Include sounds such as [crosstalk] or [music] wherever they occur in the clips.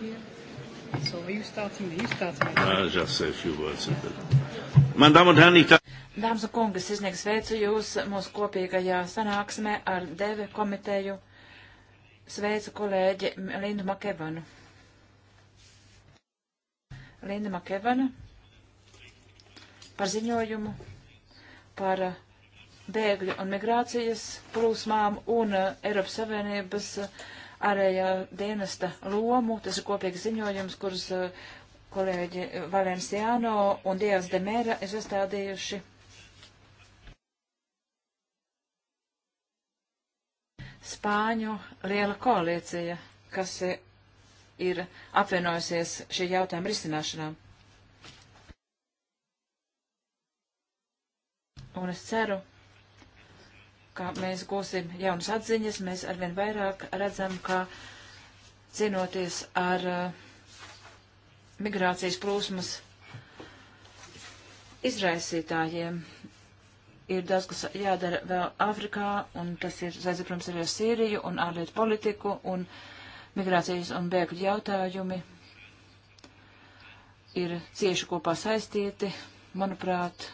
here. Uh, so are you starting? Are you starting? I'll just say a few words. Man dāmas un herrni, tā. Dāmas un kungas, izniegs sveicu jūs mūsu kopīgajā sanāksmē ar DV komiteju. Sveicu kolēģi Lindu Makevanu. Linda Makevana par ziņojumu par bēgļu un migrācijas plūsmām un uh, Eiropas Savienības uh, ārējā dienesta lomu. Tas ir kopīgs ziņojums, kurus uh, kolēģi Valenciāno un Dievs Demēra ir sastādījuši. Spāņu liela koalīcija, kas uh, ir apvienojusies šī jautājuma risināšanā. Un es ceru, ka mēs gūsim jaunas atziņas, mēs arvien vairāk redzam, ka cīnoties ar uh, migrācijas plūsmas izraisītājiem, ir daudz, kas jādara vēl Āfrikā, un tas ir saistīts, protams, arī ar Sīriju un ārlietu politiku un migrācijas un bēgļu jautājumi ir cieši kopā saistīti. Manuprāt,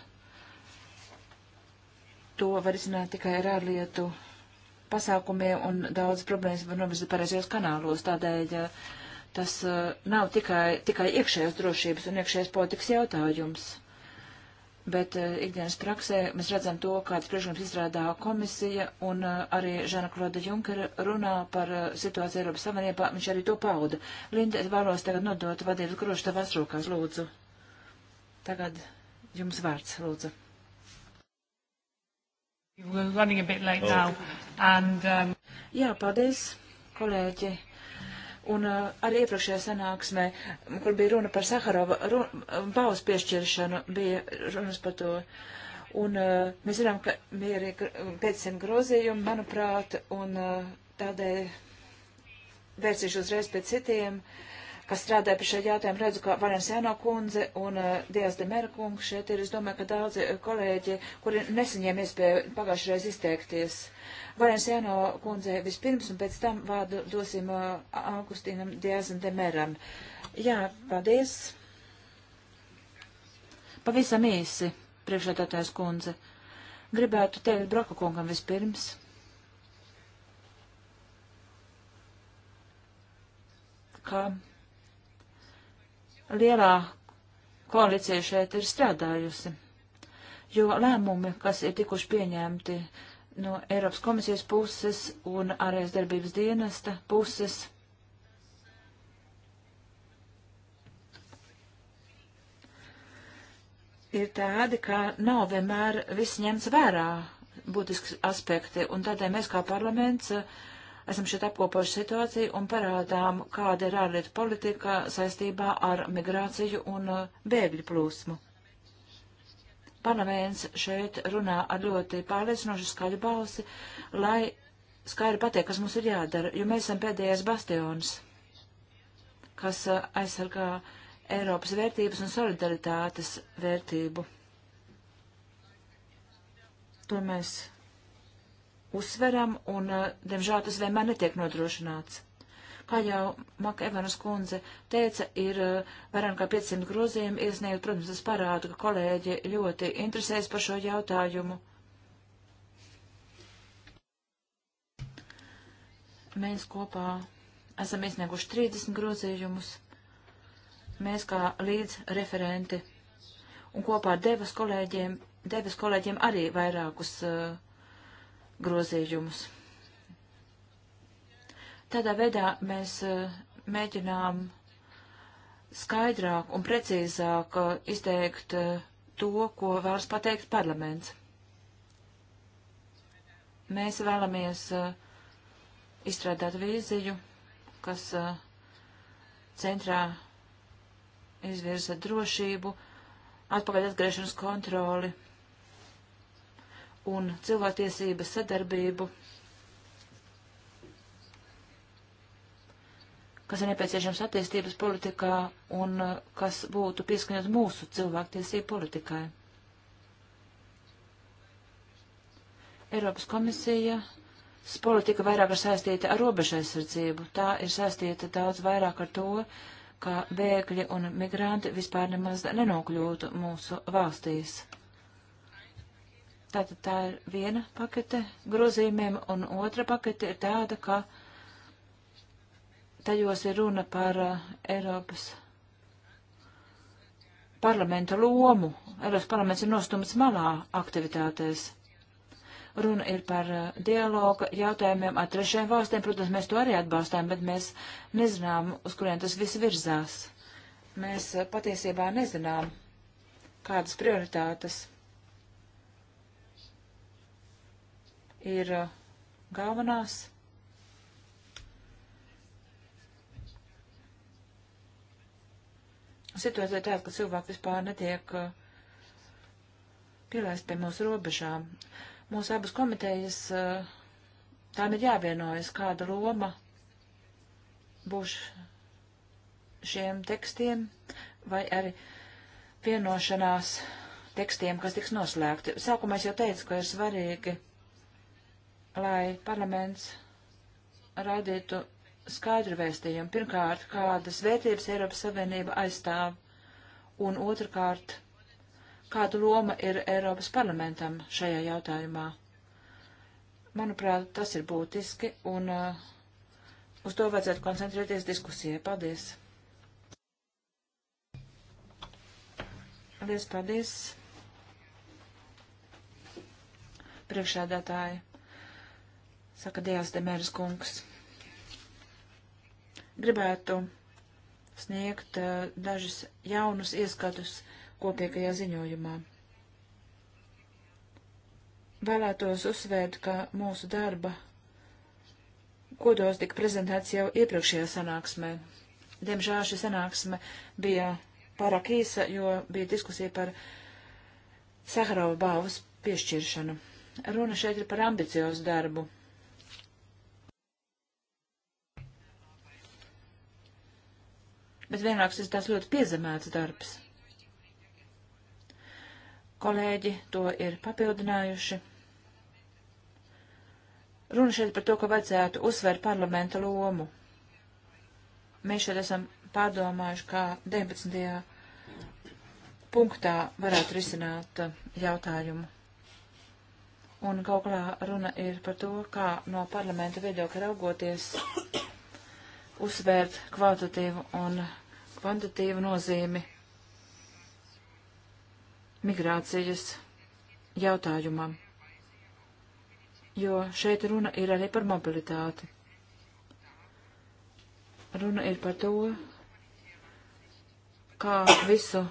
to var izzināt tikai ar ārlietu pasākumiem un daudz problēmas var novirzīt pareizajos kanālos. Tādēļ tas uh, nav tikai, tikai iekšējās drošības un iekšējās politikas jautājums. Bet uh, ikdienas praksē mēs redzam to, kāds priekšlikums izstrādā komisija, un uh, arī Žana Kloda Junkera runā par situāciju Eiropas Savienībā, viņš arī to pauda. Linda, es vēlos tagad nodot vadības grošu tavās rokās, lūdzu. Tagad jums vārds, lūdzu. Oh. And, um... Jā, paldies, kolēģi. Un uh, arī iepriekšējā sanāksmē, kur bija runa par Saharova balvas piešķiršanu, bija runas par to. Un uh, mēs zinām, ka bija arī 500 grozījumi, manuprāt, un uh, tādēļ vērsīšu uzreiz pie citiem. Uh, kas strādāja pie šī jautājuma. Redzu, ka Valens Jāno kundze un uh, eh, Dijas Demera kungs šeit ir. Es domāju, ka daudzi eh, kolēģi, kuri nesaņēma iespēju pagājušajā reiz izteikties. Valens Jāno kundze vispirms un pēc tam vārdu dosim uh, Augustīnam Dijas Demeram. Jā, paldies. Pavisam īsi, priekšētātājs kundze. Gribētu teikt Broka kungam vispirms. ka lielā koalīcija šeit ir strādājusi, jo lēmumi, kas ir tikuši pieņemti no Eiropas komisijas puses un ārējās darbības dienesta puses, ir tādi, ka nav vienmēr viss ņemts vērā būtiski aspekti, un tādēļ mēs kā parlaments uh, esam šeit apkopojuši situāciju un parādām, kāda ir ārlietu politika saistībā ar migrāciju un uh, bēgļu plūsmu. Parlaments šeit runā ar ļoti pārliecinošu skaļu balsi, lai skaidri pateikt, kas mums ir jādara, jo mēs esam pēdējais bastions, kas uh, aizsargā Eiropas vērtības un solidaritātes vērtību. To mēs uzsveram, un, eh, diemžēl, tas vienmēr netiek nodrošināts. Kā jau Maka Evanas kundze teica, ir eh, vairāk kā 500 grozījumi iesniegt, protams, tas parāda, ka kolēģi ļoti interesēs par šo jautājumu. Mēs kopā esam iesnieguši 30 grozījumus, mēs kā līdz referenti, un kopā ar devas kolēģiem, devas kolēģiem arī vairākus uh, grozījumus. Tādā veidā mēs eh, mēģinām skaidrāk un precīzāk eh, izteikt eh, to, ko vēlas pateikt parlaments. Mēs vēlamies izstrādāt vīziju, kas centrā izvirza drošību, atpakaļ atgriešanas kontroli un cilvēktiesības sadarbību, kas ir nepieciešams attīstības politikā un uh, kas būtu pieskaņot mūsu cilvēktiesību politikai. Eiropas komisija politika vairāk ir saistīta ar robežaizsardzību. Tā ir saistīta daudz vairāk ar to, ka bēgļi un migranti vispār nemaz nenokļūtu mūsu valstīs. Tātad tā ir viena pakete grozījumiem, un otra pakete ir tāda, ka tajos ir runa par uh, Eiropas parlamenta lomu. Eiropas parlaments ir nostumts malā aktivitātēs. Runa ir par uh, dialoga jautājumiem ar trešajām valstīm. Protams, mēs to arī atbalstām, bet mēs nezinām, uz kurien tas viss virzās. Mēs uh, patiesībā nezinām, kādas prioritātes ir uh, galvenās. Situācija tāda, ka cilvēki vispār netiek uh, pielaist pie mūsu robežām. Mūsu abas komitejas, uh, tām ir jāvienojas, kāda loma būs šiem tekstiem, vai arī vienošanās tekstiem, kas tiks noslēgti. Sākumā es jau teicu, ka ir svarīgi lai parlaments raidītu skaidru vēstījumu. Pirmkārt, kādas vērtības Eiropas Savienība aizstāv, un otrkārt, kāda loma ir Eiropas parlamentam šajā jautājumā. Manuprāt, tas ir būtiski, un uh, uz to vajadzētu koncentrēties diskusijai. Paldies! Liels paldies! Priekšādātāji! saka Dēls Demērs kungs. Gribētu sniegt uh, dažus jaunus ieskatus kopīgajā ziņojumā. Vēlētos uzsvērt, ka mūsu darba kodos tika prezentēts jau iepriekšējā sanāksmē. Diemžēl šī sanāksme bija pārāk īsa, jo bija diskusija par Saharova balvas piešķiršanu. Runa šeit ir par ambiciozu darbu bet vienlaikus tas tās ļoti piezemēts darbs. Kolēģi to ir papildinājuši. Runa šeit par to, ka vajadzētu uzsvērt parlamenta lomu. Mēs šeit esam pārdomājuši, kā 19. punktā varētu risināt uh, jautājumu. Un kaut kā runa ir par to, kā no parlamenta viedokļa raugoties [coughs] uzsvērt kvalitatīvu un kvantitīvu nozīmi migrācijas jautājumam, jo šeit runa ir arī par mobilitāti. Runa ir par to, kā visu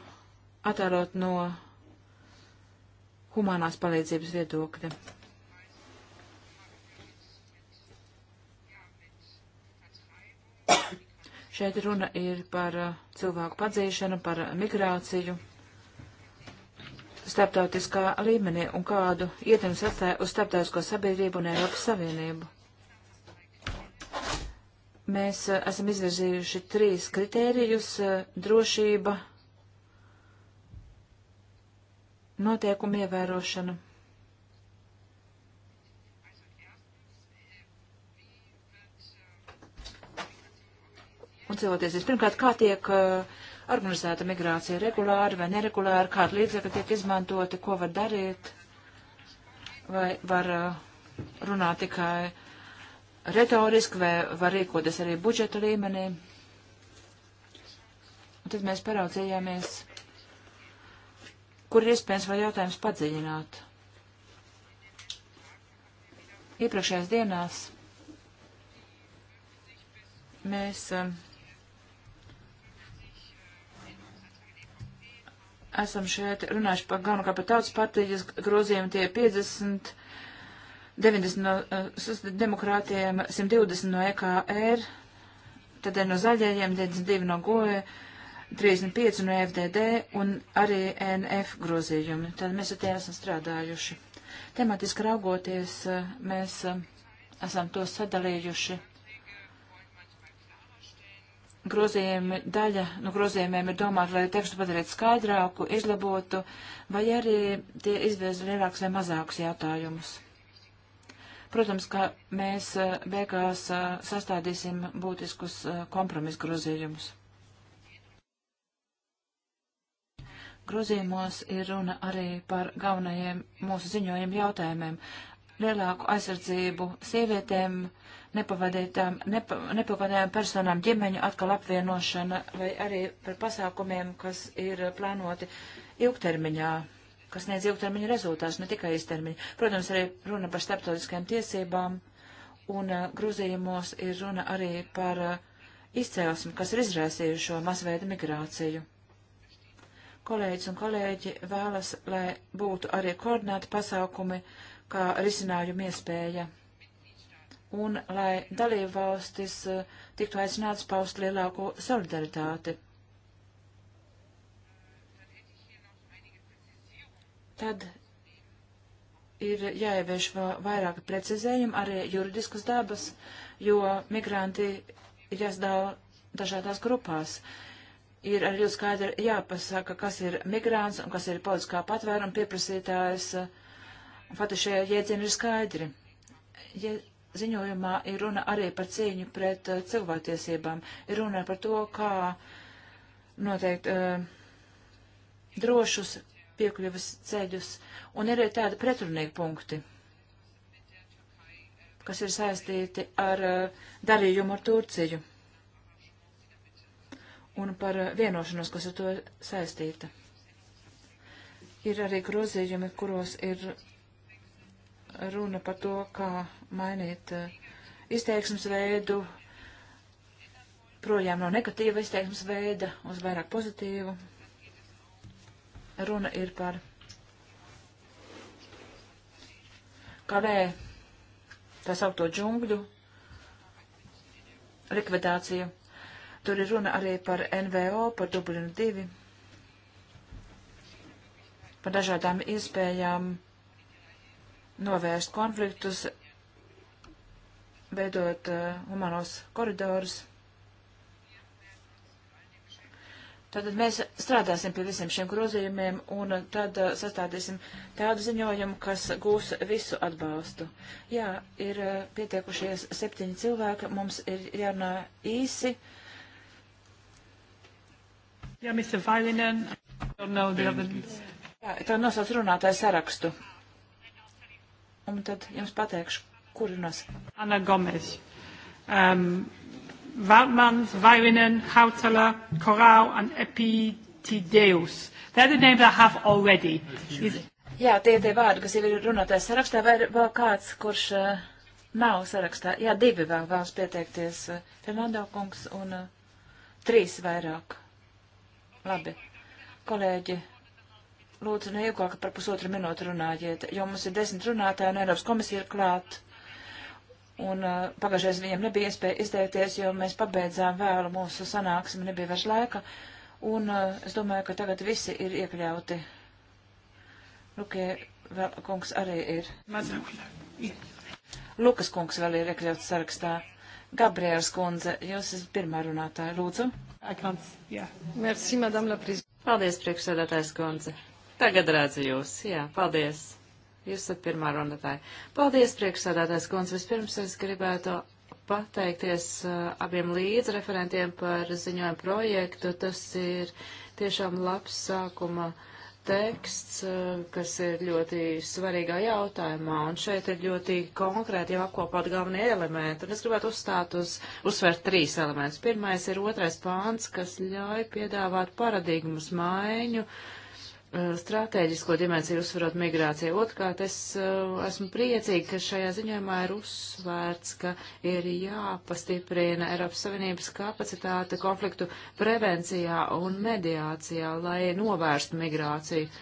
atērot no humanās palīdzības viedokļa. Šeit runa ir par uh, cilvēku padzīšanu, par migrāciju starptautiskā līmenī un kādu ietekmi atstāja uz starptautisko sabiedrību un Eiropas Savienību. Mēs uh, esam izvirzījuši trīs kritērijus uh, - drošība, notiekumu ievērošana. un cilvēktiesības. Pirmkārt, kā tiek uh, organizēta migrācija regulāri vai neregulāri, kāda līdzekļa tiek izmantota, ko var darīt, vai var uh, runāt tikai retoriski, vai var rīkoties arī budžeta līmenī. Un tad mēs paraudzījāmies, kur ir iespējams vēl jautājums padziļināt. Iepriekšējās dienās mēs. Uh, esam šeit runājuši par galvenu kā par tautas partijas grozījumu tie 50, 90 no uh, demokrātiem, 120 no EKR, tad no zaļajiem 92 no GOE, 35 no e FDD un arī NF grozījumi. Tad mēs ar tie esam strādājuši. Tematiski raugoties, eh, mēs eh, esam to sadalījuši grozījumi, daļa no nu, grozījumiem ir domāta, lai tekstu padarītu skaidrāku, izlabotu, vai arī tie izvirza lielākus vai mazākus jautājumus. Protams, ka mēs eh, beigās eh, sastādīsim būtiskus eh, kompromisu grozījumus. Grozījumos ir runa arī par galvenajiem mūsu ziņojumu jautājumiem - lielāku aizsardzību sievietēm, uh, nepa, nepavadējām personām ģimeņu atkal apvienošana vai arī par pasākumiem, kas ir plānoti ilgtermiņā kas sniedz ilgtermiņa rezultātus, ne tikai īstermiņa. Protams, arī runa par starptautiskajām tiesībām, un uh, grozījumos ir runa arī par uh, eh, izcēlesmi, kas ir izraisījuši šo masveida migrāciju. Kolēģis un kolēģi vēlas, lai būtu arī koordināti pasākumi, kā risinājumu iespēja un lai dalību valstis eh, tiktu aicināts paust lielāko solidaritāti. Tad ir jāievieš vairāki precizējumi, arī juridiskas dabas, jo migranti ir jāsadala dažādās grupās. Ir arī ļoti skaidri jāpasaka, kas ir migrants un kas ir politiskā patvēruma pieprasītājs. Faktiski šie jēdzieni ir skaidri. Ja ziņojumā ir runa arī par cīņu pret uh, cilvēktiesībām. Ir runa par to, kā noteikt uh, drošus piekļuvis ceļus. Un ir arī tādi pretrunīgi punkti, kas ir saistīti ar uh, darījumu ar Turciju un par vienošanos, kas ar to saistīta. Ir arī grozījumi, kuros ir runa par to, kā mainīt eh, izteiksmes veidu projām no negatīva izteiksmes veida uz vairāk pozitīvu. Runa ir par kavē tā saukto džungļu likvidāciju. Tur ir runa arī par NVO, par Dublinu 2, par dažādām iespējām novērst konfliktus, veidot uh, humanos koridorus. Tātad mēs strādāsim pie visiem šiem grozījumiem un eh, tad uh, sastādīsim tādu ziņojumu, kas gūs visu atbalstu. Jā, ir uh, pietiekušies septiņi cilvēki, mums ir jārunā īsi. Jā, Mr. Vailinen, I don't know the other. Jā, tā nosauc runātāju sarakstu un tad jums pateikšu, kur runās. Anna Gomez. Um, Valtmans, Vairinen, Hautala, Korau un Epitideus. They're the names I have already. Is... Jā, tie tie vārdi, kas jau ir runātais sarakstā, vai ir vēl kāds, kurš uh, nav sarakstā? Jā, divi vēl vēlas pieteikties. Uh, Fernando kungs un uh, trīs vairāk. Labi. Kolēģi, lūdzu neilgāk par pusotru minūtu runājiet, jo mums ir desmit runātāji un Eiropas komisija ir klāt. Un uh, pagājušais viņiem nebija iespēja izteikties, jo mēs pabeidzām vēlu mūsu sanāksmi, nebija vairs laika. Un uh, es domāju, ka tagad visi ir iekļauti. Lukie vēl, kungs arī ir. Lukas kungs vēl ir iekļauts sarakstā. Gabriels kundze, jūs esat pirmā runātāja, lūdzu. Yeah. Merci, madame la prezidente. Paldies, priekšsēdētājs kundze. Tagad redzu jūs. Jā, paldies. Jūs esat pirmā runātāja. Paldies, priekšsādātājs kundze. Vispirms es gribētu pateikties uh, abiem līdzreferentiem par ziņojumu projektu. Tas ir tiešām labs sākuma teksts, uh, kas ir ļoti svarīgā jautājumā, un šeit ir ļoti konkrēti jau apkopot galvenie elementi, un es gribētu uzstāt uz, uzsvērt trīs elementus. Pirmais ir otrais pāns, kas ļauj piedāvāt paradigmas maiņu, uh, Eh, stratēģisko dimensiju uzsverot migrāciju. Otrkārt, es eh, esmu priecīga, ka šajā ziņojumā ir uzsvērts, ka ir jāpastiprina Eiropas Savienības kapacitāte konfliktu prevencijā un mediācijā, lai novērstu migrāciju.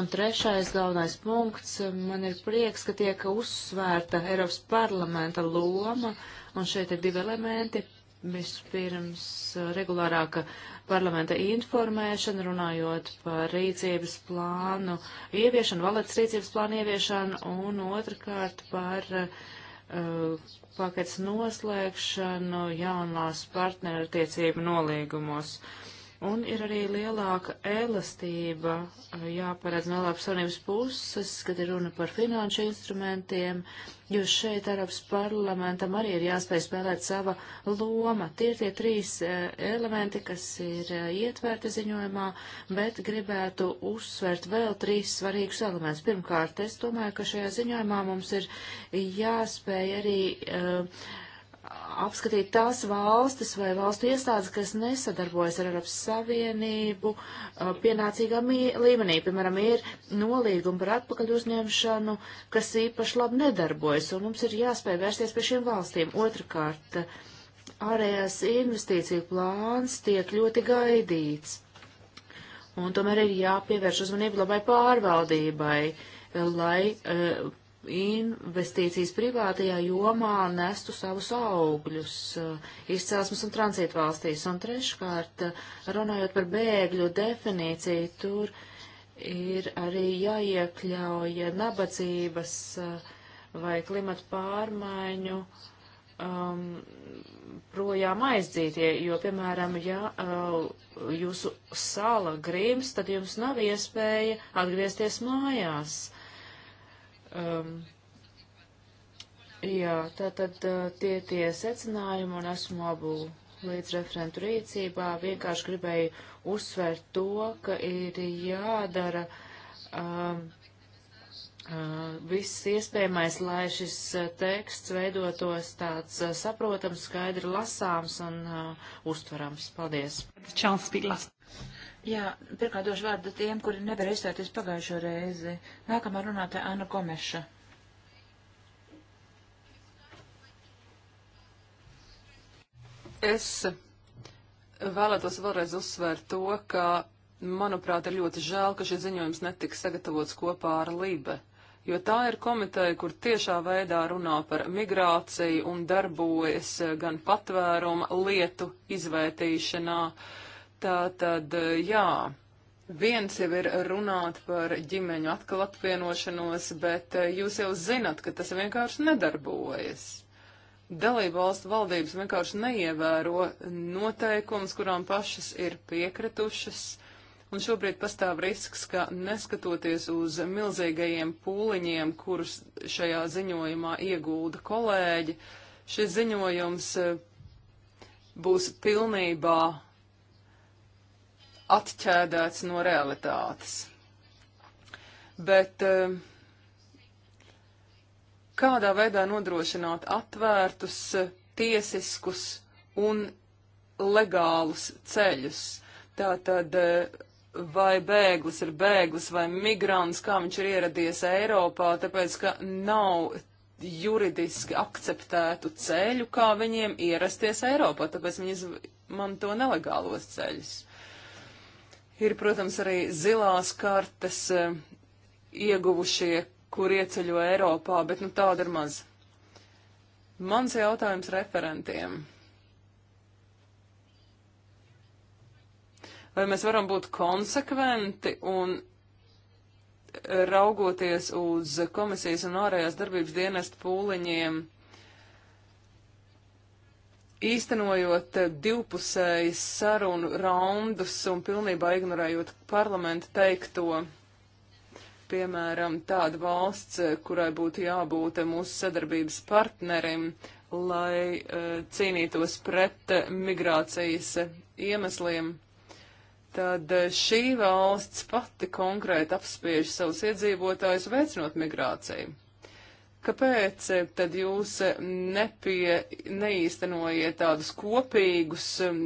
Un trešais galvenais punkts, eh, man ir prieks, ka tiek uzsvērta Eiropas parlamenta loma, un šeit ir divi elementi. Vispirms uh, regulārāka parlamenta informēšana, runājot par rīcības plānu ieviešanu, valets rīcības plānu ieviešanu, un otrkārt par uh, pakets noslēgšanu jaunās partnerattiecību nolīgumos. Uh, Un ir arī lielāka elastība eh, jāparedz no Eiropas Savienības puses, kad ir runa par finanšu instrumentiem, jo šeit Eiropas parlamentam arī ir jāspēj spēlēt sava loma. Tie ir tie trīs eh, elementi, kas ir eh, ietverti ziņojumā, bet gribētu uzsvērt vēl trīs svarīgus elementus. Pirmkārt, es domāju, ka šajā ziņojumā mums ir jāspēj arī. Uh, apskatīt tās valstis vai valstu iestādes, kas nesadarbojas ar Eiropas Savienību uh, pienācīgā līmenī. Piemēram, ir nolīgumi par atpakaļ uzņemšanu, kas īpaši labi nedarbojas, un mums ir jāspēj vērsties pie šiem valstīm. Otrakārt, ārējās investīciju plāns tiek ļoti gaidīts, un tomēr ir jāpievērš uzmanību labai pārvaldībai, lai uh, investīcijas privātajā jomā nestu savus augļus eh, izcelsmes un tranzītu valstīs. Un treškārt, eh, runājot par bēgļu definīciju, tur ir arī jāiekļauj nabadzības eh, vai klimata pārmaiņu um, projām aizdzītie, jo, piemēram, ja uh, jūsu sala grims, tad jums nav iespēja atgriezties mājās Um, jā, tātad uh, tie tie secinājumi un esmu abu līdz referentu rīcībā. Vienkārši gribēju uzsvērt to, ka ir jādara um, Uh, viss iespējamais, lai šis uh, teksts veidotos tāds uh, saprotams, skaidri lasāms un uh, uztverams. Paldies. Čāls bija last. Jā, pirmkārt došu vārdu tiem, kuri nevar izstāties pagājušo reizi. Nākamā runātā Anna Gomeša. Es vēlētos vēlreiz uzsvērt to, ka, manuprāt, ir ļoti žēl, ka šis ziņojums netiks sagatavots kopā ar Libe, jo tā ir komiteja, kur tiešā veidā runā par migrāciju un darbojas gan patvēruma lietu izvērtīšanā. Uh, Tā tad, jā, viens jau ir runāt par ģimeņu atkal apvienošanos, bet eh, jūs jau zinat, ka tas vienkārši nedarbojas. Dalību valstu valdības vienkārši neievēro noteikums, kurām pašas ir piekritušas un šobrīd pastāv risks, ka neskatoties uz milzīgajiem pūliņiem, kurus šajā ziņojumā iegulda kolēģi, šis ziņojums eh, būs pilnībā atķēdēts no realitātes. Bet eh, kādā veidā nodrošināt atvērtus, tiesiskus un legālus ceļus? Tātad eh, vai bēglis ir bēglis vai migrants, kā viņš ir ieradies Eiropā, tāpēc ka nav juridiski akceptētu ceļu, kā viņiem ierasties Eiropā, tāpēc viņi izmanto nelegālos ceļus. Ir, protams, arī zilās kartes e, ieguvušie, kur ieceļo Eiropā, bet nu tāda ir maz. Mans jautājums referentiem. Vai mēs varam būt konsekventi un raugoties uz komisijas un ārējās darbības dienestu pūliņiem, īstenojot eh, divpusējas sarunu raundus un pilnībā ignorējot parlamentu teikto, piemēram, tāda valsts, eh, kurai būtu jābūt eh, mūsu sadarbības partnerim, lai uh, cīnītos pret migrācijas iemesliem, tad šī valsts pati konkrēti apspiež savus iedzīvotājus veicinot migrāciju. Kāpēc tad jūs nepie, neīstenojiet tādus kopīgus, um,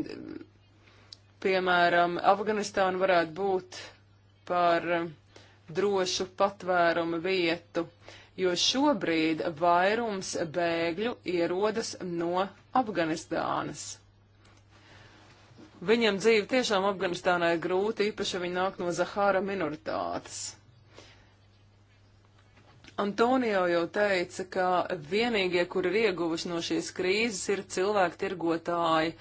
piemēram, Afganistāna varētu būt par um, drošu patvērumu vietu, jo šobrīd vairums bēgļu ierodas no Afganistānas. Viņam dzīve tiešām Afganistānā ir grūta, īpaši viņi nāk no Zahāra minoritātes. Antonio jau teica, ka vienīgie, kur ir ieguvuši no šīs krīzes, ir cilvēki tirgotāji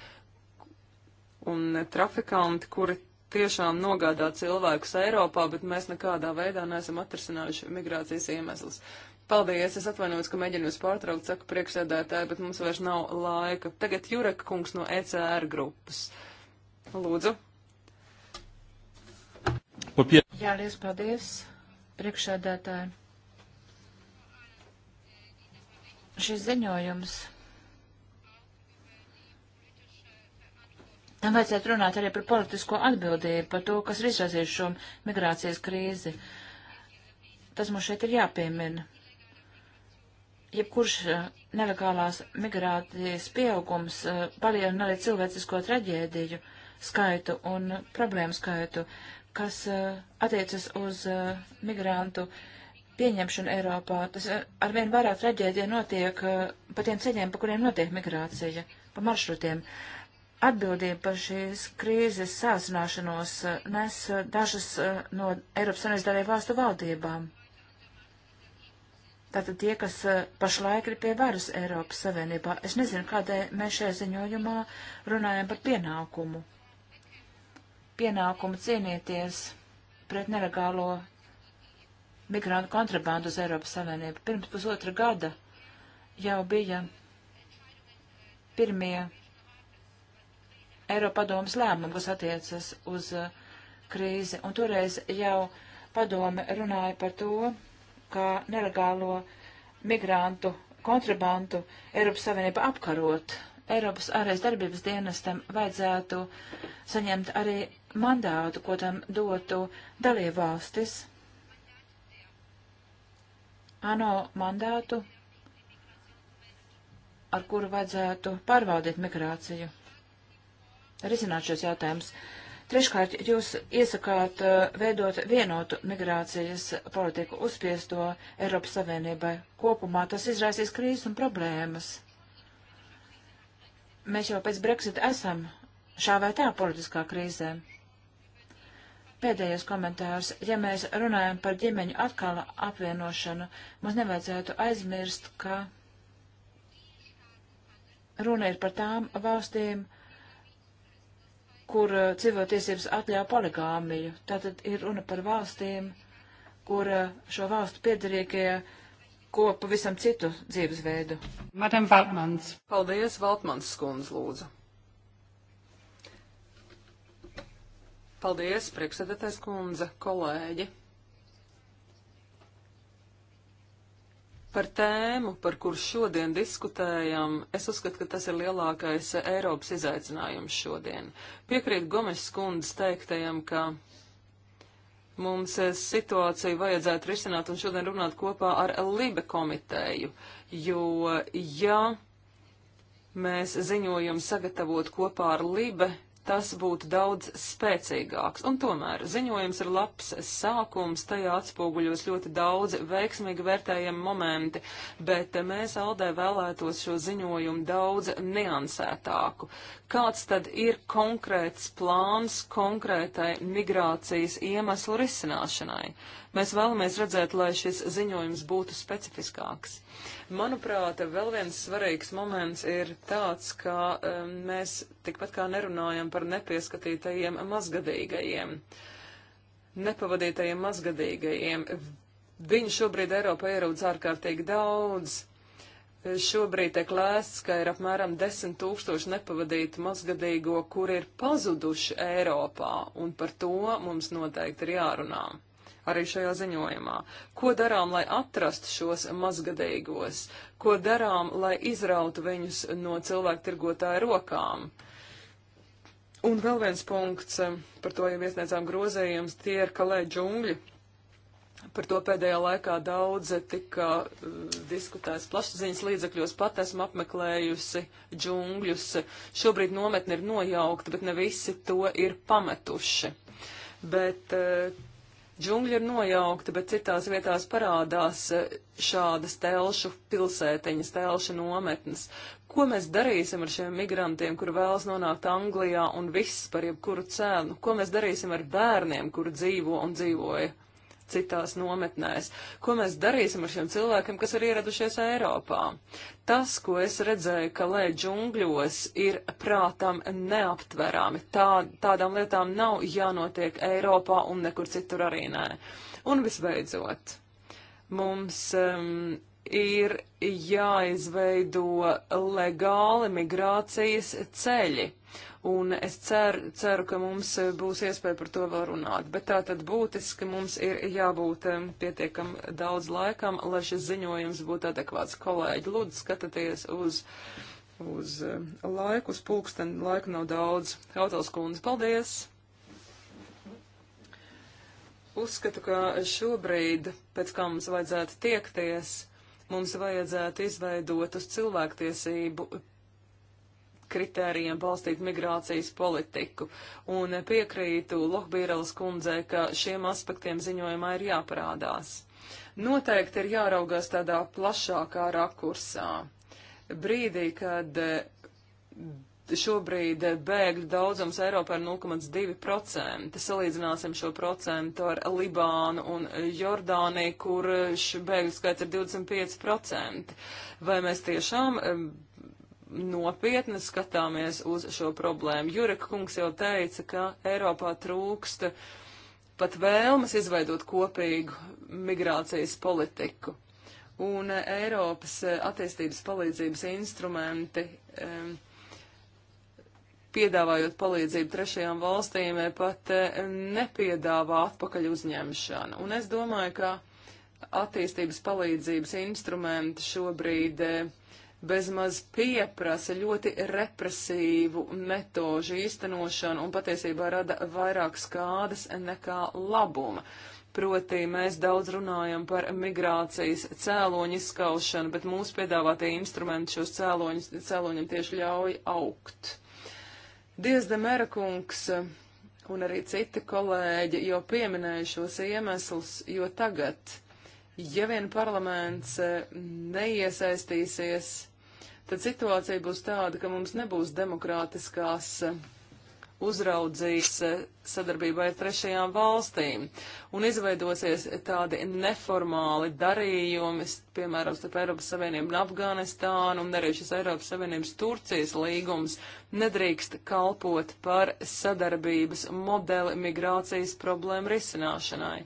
un trafikanti, kuri tiešām nogādā cilvēkus Eiropā, bet mēs nekādā veidā neesam atrisinājuši migrācijas iemeslus. Paldies, es atvainojos, ka mēģinu jūs pārtraukt, saku priekšsēdētāji, bet mums vairs nav laika. Tagad Jurek kungs no ECR grupas. Lūdzu. Jā, liels paldies, priekšsēdētāji. Šis ziņojums. Tam vajadzētu runāt arī par politisko atbildību, par to, kas ir izrazījis šo migrācijas krīzi. Tas mums šeit ir jāpiemina. Jebkurš eh, nelegālās migrācijas pieaugums eh, palielina arī cilvēcisko traģēdiju skaitu un problēmu skaitu, kas eh, attiecas uz migrantu uh, pieņemšanu Eiropā. Tas eh, arvien vairāk traģēdija notiek eh, pa tiem ceļiem, pa kuriem notiek migrācija, pa maršrutiem. Atbildība par šīs krīzes sāsināšanos eh, nes dažas no Eiropas Savienības dalību valstu valdībām. Tātad tie, kas pašlaik ir pie varas Eiropas Savienībā, es nezinu, kādēļ mēs šajā ziņojumā runājam par pienākumu. Pienākumu cīnīties pret nelegālo migrantu kontrabandu uz Eiropas Savienību. Pirms pusotra gada jau bija pirmie Eiropadomas lēmumi, kas attiecas uz uh, krīzi, un toreiz jau padome runāja par to, kā nelegālo migrantu kontrabandu Eiropas Savienība apkarot. Eiropas ārējas darbības dienestam vajadzētu saņemt arī mandātu, ko tam dotu dalībvalstis. valstis ANO mandātu, ar kuru vajadzētu pārvaldīt migrāciju, risināt šos jautājumus. Treškārt, jūs iesakāt uh, veidot vienotu migrācijas politiku uzspiesto Eiropas Savienībai. Kopumā tas izraisīs krīzes un problēmas. Mēs jau pēc Brexit esam šā vai tā politiskā krīzē. Pēdējais komentārs. Ja mēs runājam par ģimeņu atkal apvienošanu, mums nevajadzētu aizmirst, ka runa ir par tām valstīm, kur uh, civiltiesības atļauj poligāmiju. Tātad ir runa par valstīm, kur uh, šo valstu piedarīgie ko pavisam citu dzīvesveidu. Madam Valtmans. Paldies, Valtmans skundz lūdzu. Paldies, priekšsēdētājs kundze, kolēģi. Par tēmu, par kuru šodien diskutējam, es uzskatu, ka tas ir lielākais Eiropas izaicinājums šodien. Piekrīt Gomes skundas teiktajam, ka mums situāciju vajadzētu risināt un šodien runāt kopā ar Libe komiteju, jo ja mēs ziņojumu sagatavot kopā ar Libe tas būtu daudz spēcīgāks. Un tomēr ziņojums ir labs sākums, tajā atspoguļos ļoti daudz veiksmīgi vērtējami momenti, bet mēs Aldē vēlētos šo ziņojumu daudz niansētāku. Kāds tad ir konkrēts plāns konkrētai migrācijas iemeslu risināšanai? Mēs vēlamies redzēt, lai šis ziņojums būtu specifiskāks. Manuprāt, vēl viens svarīgs moments ir tāds, ka um, mēs tikpat kā nerunājam par nepieskatītajiem mazgadīgajiem, nepavadītajiem mazgadīgajiem. Viņu šobrīd Eiropā ierodz ārkārtīgi daudz. Šobrīd tiek lēsts, ka ir apmēram 10 tūkstoši nepavadītu mazgadīgo, kur ir pazuduši Eiropā, un par to mums noteikti ir jārunā arī šajā ziņojumā. Ko darām, lai atrastu šos mazgadīgos? Ko darām, lai izrautu viņus no cilvēku tirgotāju rokām? Un vēl viens punkts, par to jau iesniedzām grozējums, tie ir kalē džungļi. Par to pēdējā laikā daudz tika uh, diskutēts plašsaziņas līdzakļos, pat esmu apmeklējusi džungļus. Šobrīd nometni ir nojaukta, bet ne visi to ir pametuši. Bet uh, Džungļi ir nojaukti, bet citās vietās parādās eh, šādas telšu pilsētiņas, telšu nometnes. Ko mēs darīsim ar šiem migrantiem, kuri vēlas nonākt Anglijā un viss par jebkuru cenu? Ko mēs darīsim ar bērniem, kuri dzīvo un dzīvoja citās nometnēs. Ko mēs darīsim ar šiem cilvēkiem, kas ir ieradušies Eiropā? Tas, ko es redzēju, ka lē džungļos ir prātam neaptverami. Tā, tādām lietām nav jānotiek Eiropā un nekur citur arī nē. Un visbeidzot, mums um, ir jāizveido legāli migrācijas ceļi un es ceru, ceru, ka mums eh, būs iespēja par to vēl runāt. Bet tā tad būtiski mums ir jābūt eh, pietiekam daudz laikam, lai šis ziņojums būtu adekvāts. Kolēģi, lūdzu, skatieties uz, uz eh, laiku, uz pulksteni, laika nav daudz. Hautels kundze, paldies! Uzskatu, ka šobrīd, pēc kā mums vajadzētu tiekties, mums vajadzētu izveidot uz cilvēktiesību kritērijiem balstīt migrācijas politiku. Un piekrītu Lohbīrelas kundzē, ka šiem aspektiem ziņojumā ir jāparādās. Noteikti ir jāraugās tādā plašākā rakursā. Brīdī, kad eh, šobrīd bēgļu daudzums Eiropā ir 0,2%. Salīdzināsim šo procentu ar Libānu un Jordāniju, kur bēgļu skaits ir 25%. Vai mēs tiešām eh, nopietni skatāmies uz šo problēmu. Jurek kungs jau teica, ka Eiropā trūksta pat vēlmes izveidot kopīgu migrācijas politiku. Un Eiropas attīstības palīdzības instrumenti, piedāvājot palīdzību trešajām valstīm, pat nepiedāvā atpakaļ uzņemšanu. Un es domāju, ka attīstības palīdzības instrumenti šobrīd eh, bezmaz pieprasa ļoti represīvu metožu īstenošanu un patiesībā rada vairāk skādas nekā labuma. Proti, mēs daudz runājam par migrācijas cēloņu izskaušanu, bet mūsu piedāvātie instrumenti šos cēloņus, cēloņiem tieši ļauj augt. Diezde Merakungs un arī citi kolēģi jau pieminēja šos iemeslus, jo tagad Ja vien parlaments eh, neiesaistīsies, tad situācija būs tāda, ka mums nebūs demokrātiskās eh, uzraudzīs eh, sadarbībai ar trešajām valstīm un izveidosies tādi neformāli darījumi, piemēram, starp Eiropas Savienību un Afganistānu un arī šis Eiropas Savienības Turcijas līgums nedrīkst kalpot par sadarbības modeli migrācijas problēmu risināšanai.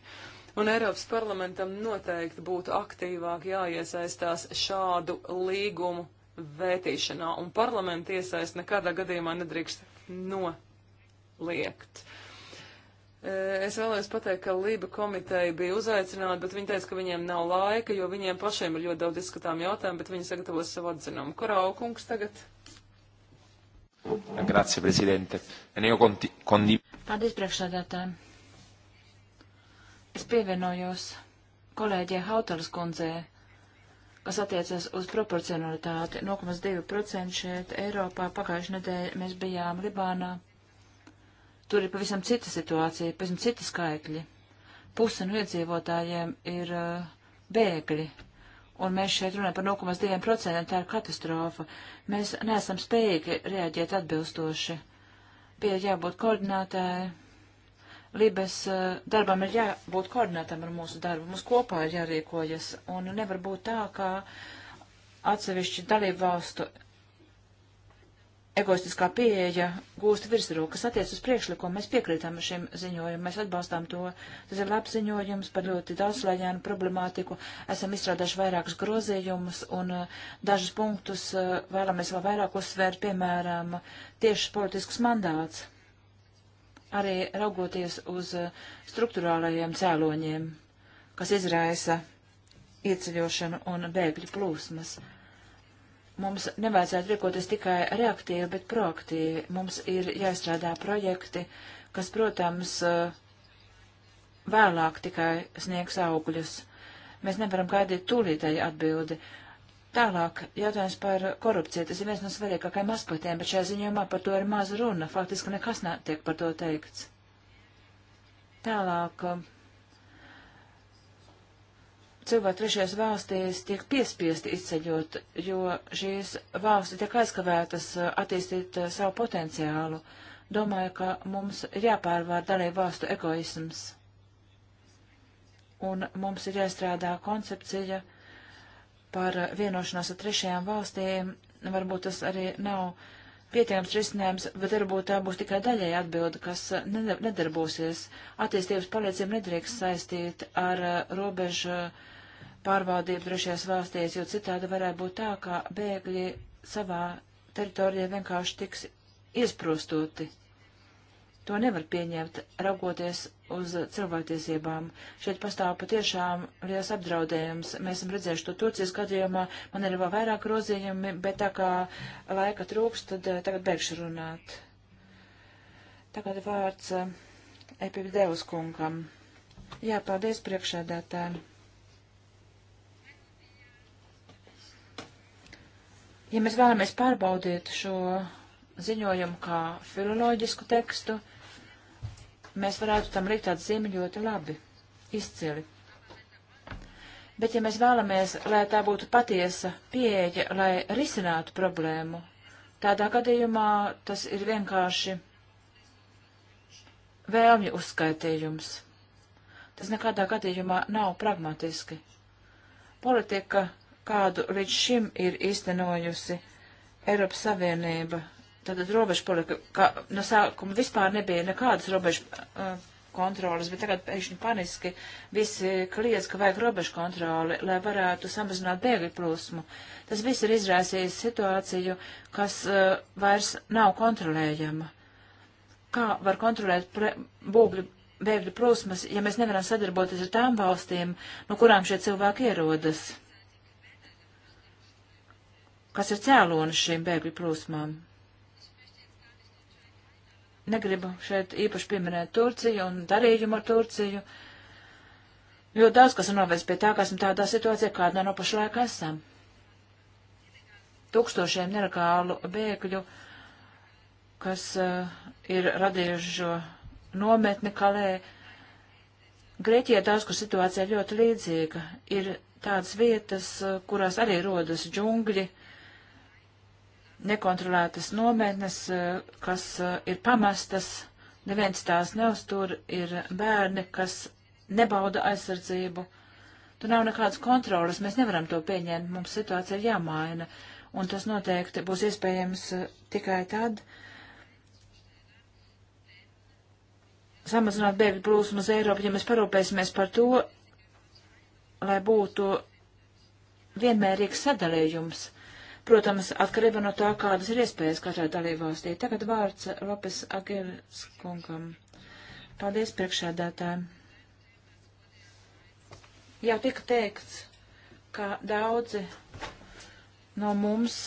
Un Eiropas parlamentam noteikti būtu aktīvāk jāiesaistās šādu līgumu vētīšanā, un parlamenta iesaist nekādā gadījumā nedrīkst noliegt. E, es vēlējos pateikt, ka Lība komiteja bija uzaicināta, bet viņi teica, ka viņiem nav laika, jo viņiem pašiem ir ļoti daudz diskutām jautājumu, bet viņi sagatavos savu atzinumu. Koraukungs tagad. Grazie, prezidente. E Paldies, priekšsādātāji. Es pievienojos kolēģē Hautalas kundzē, kas attiecas uz proporcionalitāti. 0,2% šeit Eiropā pagājušajā nedēļā mēs bijām Libānā. Tur ir pavisam cita situācija, pavisam citi skaitļi. Puse no iedzīvotājiem ir uh, bēgļi. Un mēs šeit runājam par 0,2%, tā ir katastrofa. Mēs neesam spējīgi reaģēt atbilstoši. Pie jābūt koordinātāji, Libes eh, darbam ir jābūt koordinētam ar mūsu darbu, mums kopā ir jārīkojas, un nevar būt tā, ka atsevišķi dalību valstu egoistiskā pieeja gūst virsroku, kas attiec uz priekšlikumu. Mēs piekrītam šim ziņojumam, mēs atbalstām to. Tas ir labs ziņojums par ļoti daudzslēņēnu problemātiku. Esam izstrādājuši vairākus grozījumus un eh, dažus punktus eh, vēlamies vēl vairāk uzsvērt, piemēram, tieši politisks mandāts arī raugoties uz uh, struktūrālajiem cēloņiem, kas izraisa ieceļošanu un bēgļu plūsmas. Mums nevajadzētu rīkoties tikai reaktīvi, bet proaktīvi. Mums ir jāizstrādā projekti, kas, protams, uh, vēlāk tikai sniegs augļus. Mēs nevaram gaidīt tūlītēji atbildi. Tālāk jautājums par korupciju. Tas ir viens no svarīgākajiem aspektiem, bet šajā ziņojumā par to ir maz runa. Faktiski nekas netiek par to teikts. Tālāk cilvēki trešajās valstīs tiek piespiesti izceļot, jo šīs valstis tiek aizkavētas eh, attīstīt eh, savu potenciālu. Domāju, ka mums ir jāpārvār dalību valstu egoisms. Un mums ir jāstrādā koncepcija, uh, par eh, vienošanos ar trešajām valstīm, varbūt tas arī nav pietiekams risinājums, bet varbūt tā būs tikai daļai atbilde, kas eh, nedarbosies. Attīstības palīdzību nedrīkst saistīt ar eh, robežu pārvaldību trešajās valstīs, jo citādi varētu būt tā, ka bēgļi savā teritorijā vienkārši tiks iesprostoti. To nevar pieņemt, raugoties uz cilvēktiesībām. Šeit pastāv patiešām liels apdraudējums. Mēs esam redzējuši to Turcijas gadījumā. Man ir vēl vairāk rozījumi, bet tā kā laika trūks, tad eh, tagad beigšu runāt. Tagad vārds eh, Epipdevus kungam. Jā, paldies priekšēdētāji. Ja mēs vēlamies pārbaudīt šo ziņojumu kā filoloģisku tekstu, mēs varētu tam likt tādu zīmi ļoti labi, izcili. Bet ja mēs vēlamies, lai tā būtu patiesa pieeja, lai risinātu problēmu, tādā gadījumā tas ir vienkārši vēlmju uzskaitījums. Tas nekādā gadījumā nav pragmatiski. Politika, kādu līdz šim ir īstenojusi Eiropas Savienība Tātad robežu politika, no sākuma vispār nebija nekādas robežu uh, kontrolas, bet tagad pēkšņi paniski visi kliedz, ka vajag robežu kontroli, lai varētu samazināt bēgļu plūsmu. Tas viss ir izrāsījis situāciju, kas uh, vairs nav kontrolējama. Kā var kontrolēt būgļu bēgļu plūsmas, ja mēs nevaram sadarboties ar tām valstīm, no kurām šie cilvēki ierodas? Kas ir cēlonis šīm bēgļu plūsmām? negribu šeit īpaši pieminēt Turciju un darījumu ar Turciju, jo daudz kas ir novērts pie tā, ka esam tādā situācijā, kādā no pašlaik esam. Tūkstošiem nelegālu bēgļu, kas uh, ir radījuši šo nometni kalē. Grieķijā daudz, kur situācija ļoti līdzīga, ir tādas vietas, eh, kurās arī rodas džungļi, uh, nekontrolētas nometnes, eh, kas eh, ir pamestas, neviens tās neuztur, ir bērni, kas nebauda aizsardzību. Tur nav nekādas kontrolas, mēs nevaram to pieņemt, mums situācija ir jāmaina, un tas noteikti būs iespējams eh, tikai tad, samazināt bēgļu plūsmu uz Eiropu, ja mēs parūpēsimies par to, lai būtu vienmērīgs sadalījums protams, atkarībā no tā, kādas ir iespējas katrā dalībvalstī. Tagad vārds Lopes Agēras kungam. Paldies priekšādātājiem. Jau tika teikts, ka daudzi no mums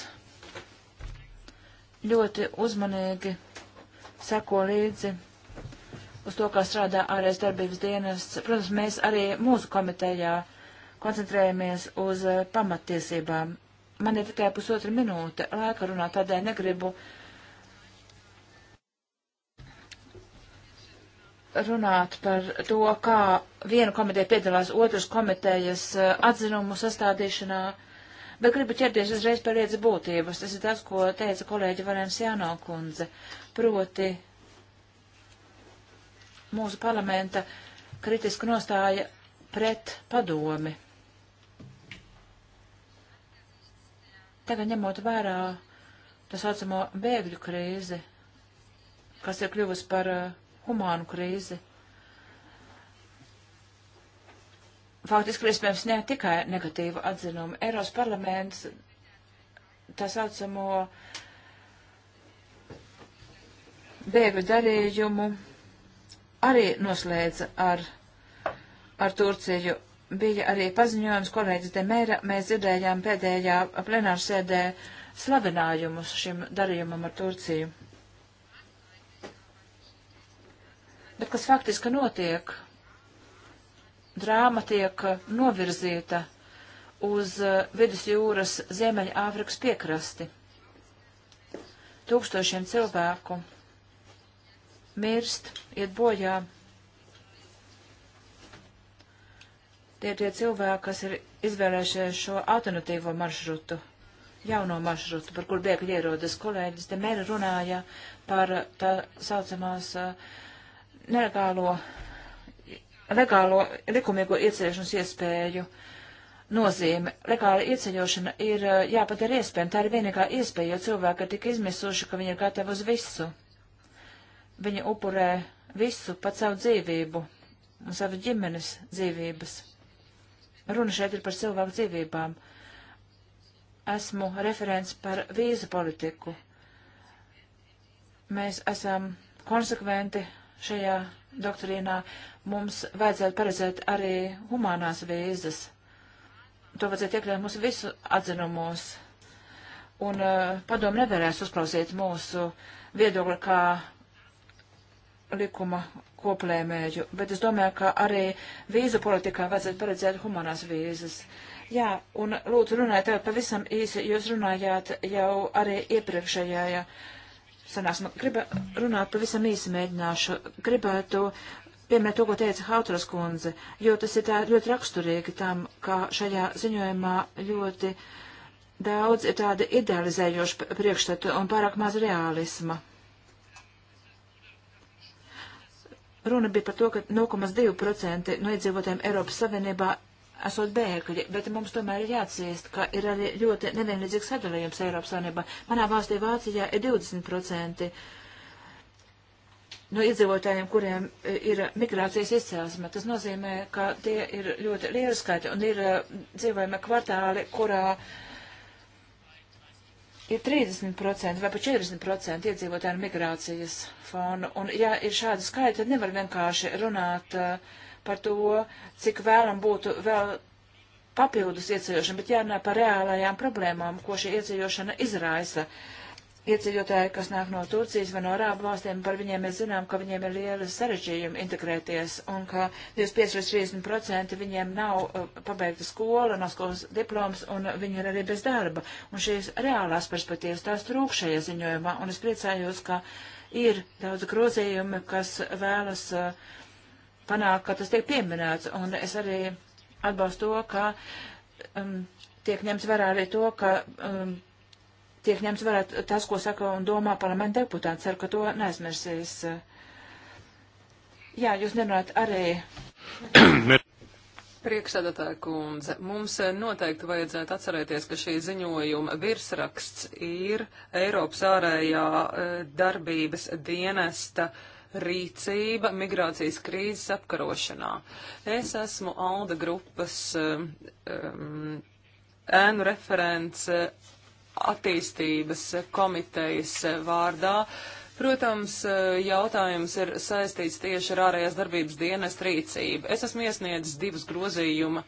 ļoti uzmanīgi seko līdzi uz to, kā strādā ārējais darbības dienests. Protams, mēs arī mūsu komitejā koncentrējamies uz pamatiesībām. Man ir tikai pusotra minūte laika runāt, tādēļ negribu runāt par to, kā viena komiteja piedalās otras komitejas eh, atzinumu sastādīšanā, bet gribu ķerties uzreiz pie lietas būtības. Tas ir tas, ko teica kolēģi Varēns Jāno kundze. Proti mūsu parlamenta kritiska nostāja pret padomi. Tagad ņemot vērā tā saucamo bēgļu krīzi, kas ir kļuvusi par uh, humānu krīzi. Faktiski, iespējams, ne tikai negatīvu atzinumu. Eiros parlaments tā saucamo bēgļu darījumu arī noslēdza ar, ar Turciju bija arī paziņojums kolēģis Demēra. Mēs dzirdējām pēdējā plenārsēdē slavinājumus šim darījumam ar Turciju. Bet kas faktiski notiek? Drāma tiek novirzīta uz eh, vidusjūras Ziemeļa Āfrikas piekrasti. Tūkstošiem cilvēku mirst, iet bojā tie tie cilvēki, kas ir izvēlējušies šo alternatīvo maršrutu, jauno maršrutu, par kur bēgļi ierodas. Kolēģis te mēra runāja par tā saucamās uh, nelegālo, legālo likumīgo ieceļošanas iespēju nozīme. Legāla ieceļošana ir uh, jāpadara iespējama. Tā ir vienīgā iespēja, jo cilvēki ir tik izmisuši, ka viņi ir gatavi uz visu. Viņi upurē visu, pat savu dzīvību un savas ģimenes dzīvības. Runa šeit ir par cilvēku dzīvībām. Esmu referents par vīzu politiku. Mēs esam konsekventi šajā doktrīnā. Mums vajadzētu paredzēt arī humānās vīzas. To vajadzētu iekļaut mūsu visu atzinumos. Un uh, padomu nevarēs uzklausīt mūsu viedokli kā likuma koplēmēju, bet es domāju, ka arī vīzu politikā vajadzētu paredzēt humanās vīzas. Jā, un lūdzu runājiet tev pavisam īsi, jūs runājāt jau arī iepriekšējā sanāksmē. Gribu runāt pavisam īsi mēģināšu. Gribētu pieminēt to, ko teica Hautras kundze, jo tas ir tā ļoti raksturīgi tam, ka šajā ziņojumā ļoti daudz ir tāda idealizējoša priekšstatu un pārāk maz reālisma. Runa bija par to, ka 0,2% no iedzīvotājiem Eiropas Savienībā esot bēgļi, bet mums tomēr ir jāatzīst, ka ir arī ļoti nevienlīdzīgs sadalījums Eiropas Savienībā. Manā valstī Vācijā ir 20% no iedzīvotājiem, kuriem e, ir migrācijas izcelsme. Tas nozīmē, ka tie ir ļoti lieli skaiti un ir e, dzīvojami kvartāli, kurā uh, ir 30% vai pat 40% iedzīvotāju migrācijas fonu. Un, ja ir šādi skaiti, tad nevar vienkārši runāt uh, par to, cik vēlam būtu vēl papildus ieceļošana, bet jārunā par reālajām problēmām, ko šī ieceļošana izraisa. Uh, ieceļotāji, kas nāk no Turcijas vai no Arābu valstiem, par viņiem mēs zinām, ka viņiem ir liela sarežģījuma integrēties un ka 25 līdz 30% viņiem nav uh, pabeigta skola, nav skolas diploms un viņi ir arī bez darba. Un šīs reālās perspektīvas tās trūkšajā ziņojumā un es priecājos, ka ir daudz grozījumi, kas vēlas uh, panākt, ka tas tiek pieminēts un es arī atbalstu to, ka um, tiek ņemts vērā arī to, ka um, tiek ņemts vērā tas, ko saka un domā parlamenta deputāts. Ceru, ka to neaizmirsīs. Jā, jūs nerunājat arī. [coughs] Priekšsēdētāja kundze, mums noteikti vajadzētu atcerēties, ka šī ziņojuma virsraksts ir Eiropas ārējā eh, darbības dienesta rīcība migrācijas krīzes apkarošanā. Es esmu Alda grupas um, ēnu referents attīstības komitejas vārdā. Protams, jautājums ir saistīts tieši ar ārējās darbības dienas rīcību. Es esmu iesniedzis divas grozījuma,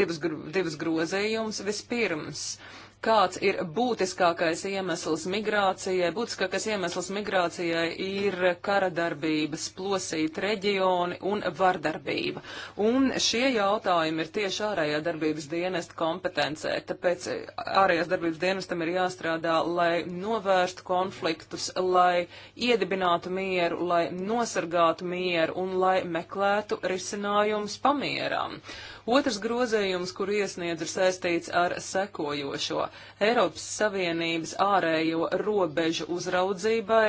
divas, divas grozījumus vispirms. Uh, kāds ir būtiskākais iemesls migrācijai. Būtiskākais iemesls migrācijai ir karadarbības plosīt reģioni un vardarbība. Un šie jautājumi ir tieši ārējā darbības dienesta kompetencē, tāpēc ārējās darbības dienestam ir jāstrādā, lai novērstu konfliktus, lai iedibinātu mieru, lai nosargātu mieru un lai meklētu risinājumus pamierām. Otrs grozējums, kur iesniedz, ir saistīts ar sekojošo. Eiropas Savienības ārējo robežu uzraudzībai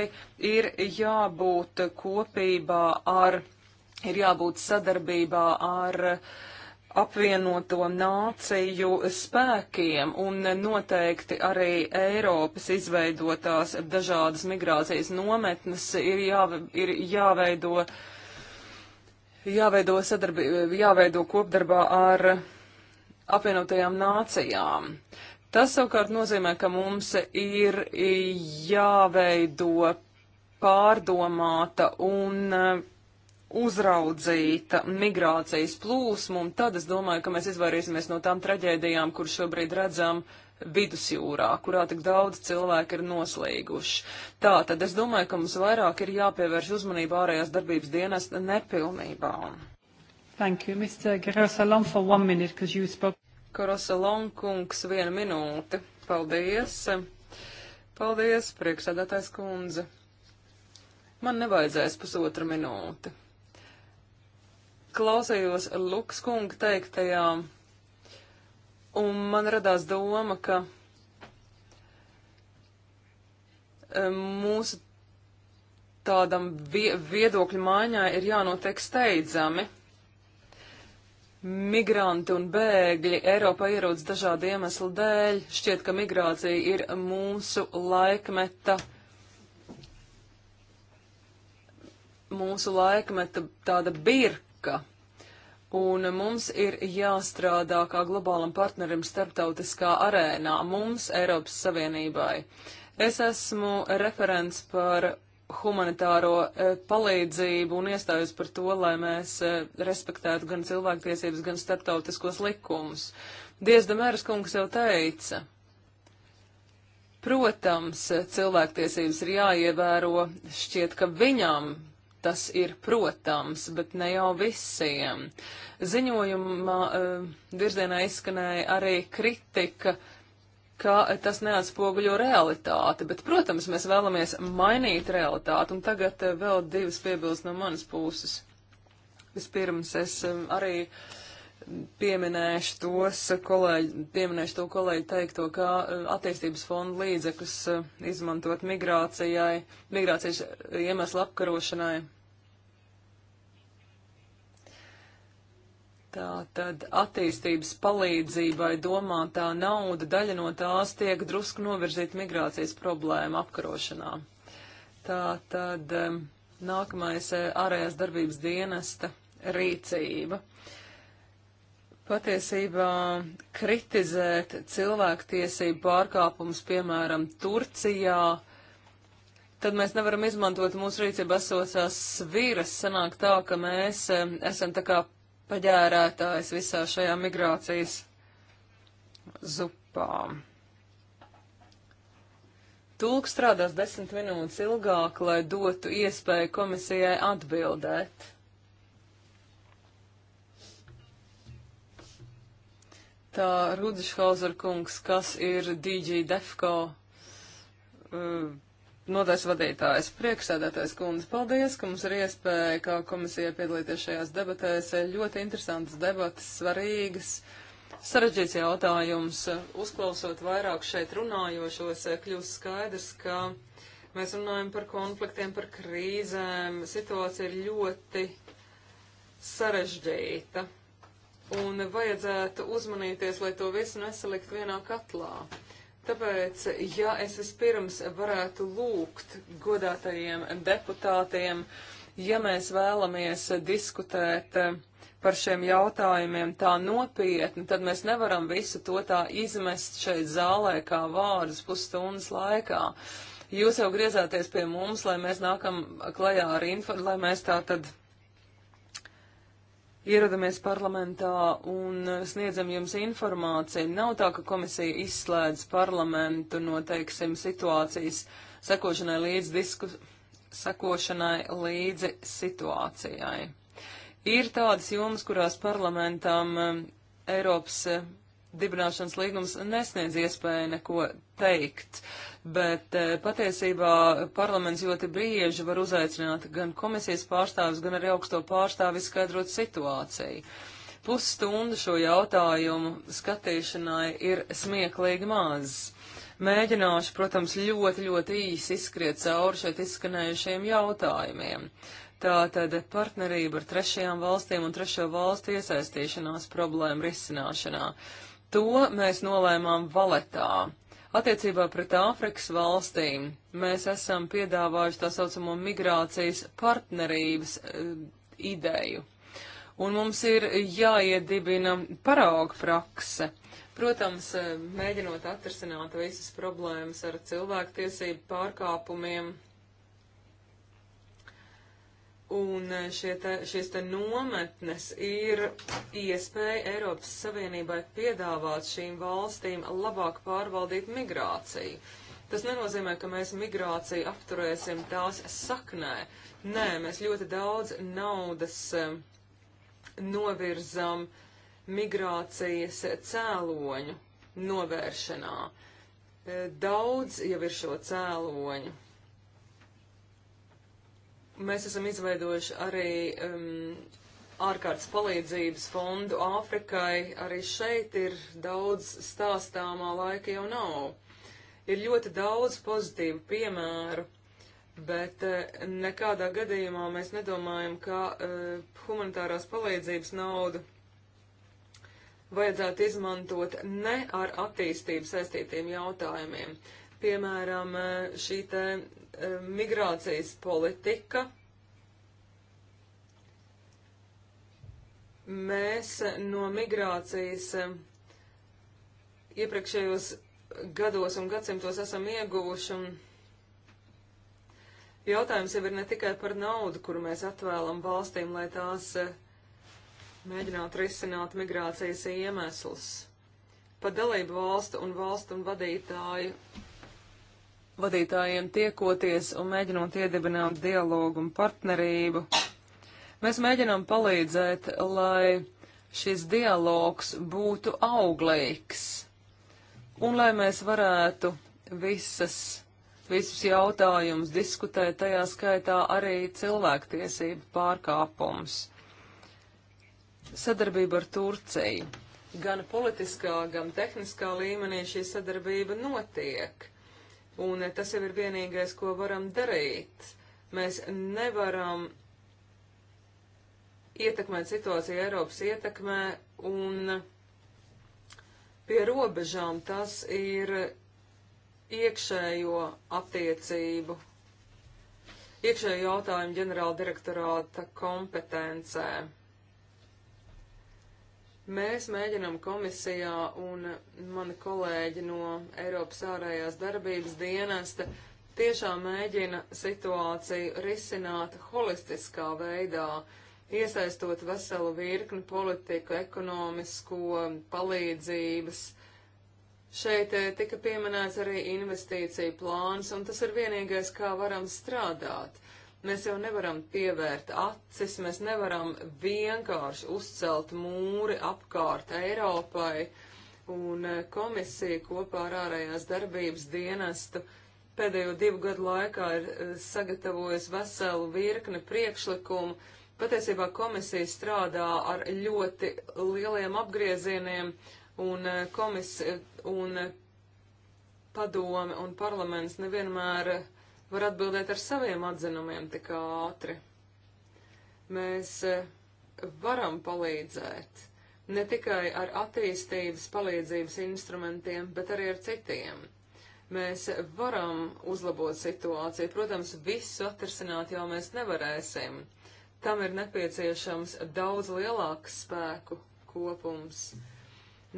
ir jābūt kopībā ar, ir jābūt sadarbībā ar apvienoto nāciju spēkiem un noteikti arī Eiropas izveidotās dažādas migrācijas nometnes ir, jā, ir jāveido, jāveido, sadarbī, jāveido kopdarbā ar apvienotajām nācijām. Tas savukārt nozīmē, ka mums ir jāveido pārdomāta un eh, uzraudzīta migrācijas plūsma, un tad es domāju, ka mēs izvairīsimies no tām traģēdijām, kur šobrīd redzam vidusjūrā, kurā tik daudz cilvēku ir noslīguši. Tā tad es domāju, ka mums vairāk ir jāpievērš uzmanība ārējās darbības dienas nepilnībām. Thank you, Mr. Guerrero Salom, for one minute, because you spoke. Korosalonkungs, viena minūte. Paldies! Paldies, priekšsēdētājs kundze. Man nevajadzēs pusotra minūte. Klausējos Lukas kunga teiktajā, un man radās doma, ka e, mūsu tādam vie viedokļu maiņai ir jānotiek steidzami migranti un bēgļi Eiropā ierodas dažādu iemeslu dēļ. Šķiet, ka migrācija ir mūsu laikmeta, mūsu laikmeta tāda birka. Un mums ir jāstrādā kā globālam partnerim starptautiskā arēnā, mums Eiropas Savienībai. Es esmu referents par humanitāro eh, palīdzību un iestājos par to, lai mēs eh, respektētu gan cilvēktiesības, gan starptautiskos likumus. Diezda mērs kungs jau teica, protams, cilvēktiesības ir jāievēro, šķiet, ka viņam tas ir protams, bet ne jau visiem. Ziņojumā eh, virzienā izskanēja arī kritika ka tas neatspoguļo realitāti, bet, protams, mēs vēlamies mainīt realitāti, un tagad eh, vēl divas piebildes no manas puses. Vispirms es eh, arī pieminēšu tos kolēģi, pieminēšu to kolēģi teikto, kā eh, attīstības fonda līdzekļus izmantot migrācijai, migrācijas iemeslu apkarošanai, Tā tad attīstības palīdzībai domātā nauda daļa no tās tiek drusku novirzīta migrācijas problēma apkarošanā. Tā tad nākamais eh, ārējās darbības dienesta rīcība. Patiesībā kritizēt cilvēktiesību pārkāpumus, piemēram, Turcijā, tad mēs nevaram izmantot mūsu rīcību esošās sviras. Sanāk tā, ka mēs esam tā kā paģērētājs visā šajā migrācijas zupā. Tulks strādās desmit minūtes ilgāk, lai dotu iespēju komisijai atbildēt. Tā Rudišhauser kungs, kas ir DJ Defko uh, Nodaļas vadītājs, priekšsēdētājs kundze, paldies, ka mums ir iespēja kā komisijai piedalīties šajās debatēs. Ļoti interesantas debatas, svarīgas, sarežģīts jautājums. Uzklausot vairāk šeit runājošos, kļūst skaidrs, ka mēs runājam par konfliktiem, par krīzēm. Situācija ir ļoti sarežģīta. Un vajadzētu uzmanīties, lai to visu nesalikt vienā katlā. Tāpēc, ja es vispirms varētu lūgt godātajiem deputātiem, ja mēs vēlamies diskutēt eh, par šiem jautājumiem tā nopietni, tad mēs nevaram visu to tā izmest šeit zālē kā vārdus pusstundas laikā. Jūs jau griezāties pie mums, lai mēs nākam klajā ar informāciju, lai mēs tā tad ierodamies parlamentā un sniedzam jums informāciju. Nav tā, ka komisija izslēdz parlamentu no, teiksim, situācijas sekošanai līdz diskus, sekošanai līdzi situācijai. Ir tādas jomas, kurās parlamentam um, Eiropas eh, dibināšanas līgums nesniedz iespēju neko teikt bet eh, patiesībā parlaments ļoti bieži var uzaicināt gan komisijas pārstāvis, gan arī augsto pārstāvi izskaidrot situāciju. Pusstunda šo jautājumu skatīšanai ir smieklīgi maz. Mēģināšu, protams, ļoti, ļoti īsi izskriet cauri šeit izskanējušiem jautājumiem. Tātad partnerība ar trešajām valstīm un trešo valstu iesaistīšanās problēmu risināšanā. To mēs nolēmām valetā, Attiecībā pret Āfrikas valstīm mēs esam piedāvājuši tā saucamo migrācijas partnerības e, ideju. Un mums ir jāiedibina parauga prakse. Protams, eh, mēģinot atrisināt visas problēmas ar cilvēktiesību pārkāpumiem, Un eh, šie te, šīs te nometnes ir iespēja Eiropas Savienībai piedāvāt šīm valstīm labāk pārvaldīt migrāciju. Tas nenozīmē, ka mēs migrāciju apturēsim tās saknē. Nē, mēs ļoti daudz naudas eh, novirzam migrācijas cēloņu novēršanā. Eh, daudz jau ir šo cēloņu Mēs esam izveidojuši arī um, ārkārtas palīdzības fondu Āfrikai. Arī šeit ir daudz stāstāmā laika jau nav. Ir ļoti daudz pozitīvu piemēru, bet eh, nekādā gadījumā mēs nedomājam, ka uh, humanitārās palīdzības naudu vajadzētu izmantot ne ar attīstību saistītiem jautājumiem. Piemēram, eh, šī te Eh, migrācijas politika. Mēs no migrācijas eh, iepriekšējos gados un gadsimtos esam ieguvuši un jautājums jau ir ne tikai par naudu, kuru mēs atvēlam valstīm, lai tās eh, mēģinātu risināt migrācijas iemeslus. Pa dalību valstu un valstu un vadītāju vadītājiem tiekoties un mēģinot iedibināt dialogu un partnerību. Mēs mēģinām palīdzēt, lai šis dialogs būtu auglīgs un lai mēs varētu visas, visus jautājumus diskutēt, tajā skaitā arī cilvēktiesību pārkāpums. Sadarbība ar Turciju. Gan politiskā, gan tehniskā līmenī šī sadarbība notiek Un tas jau ir vienīgais, ko varam darīt. Mēs nevaram ietekmēt situāciju Eiropas ietekmē un pie robežām tas ir iekšējo attiecību, iekšējo jautājumu ģenerāla direktorāta kompetencē. Mēs mēģinam komisijā un mani kolēģi no Eiropas ārējās darbības dienesta tiešām mēģina situāciju risināt holistiskā veidā, iesaistot veselu virkni politiku, ekonomisko palīdzības. Šeit eh, tika pieminēts arī investīcija plāns, un tas ir vienīgais, kā varam strādāt. Mēs jau nevaram pievērt acis, mēs nevaram vienkārši uzcelt mūri apkārt Eiropai, un eh, komisija kopā ar ārējās darbības dienestu pēdējo divu gadu laikā ir eh, sagatavojusi veselu virkni priekšlikumu. Patiesībā komisija strādā ar ļoti lieliem apgriezieniem, un, eh, komis, un padome un parlaments nevienmēr uh, var atbildēt ar saviem atzinumiem tik ātri. Mēs eh, varam palīdzēt ne tikai ar attīstības palīdzības instrumentiem, bet arī ar citiem. Mēs varam uzlabot situāciju. Protams, visu atrisināt jau mēs nevarēsim. Tam ir nepieciešams daudz lielāks spēku kopums.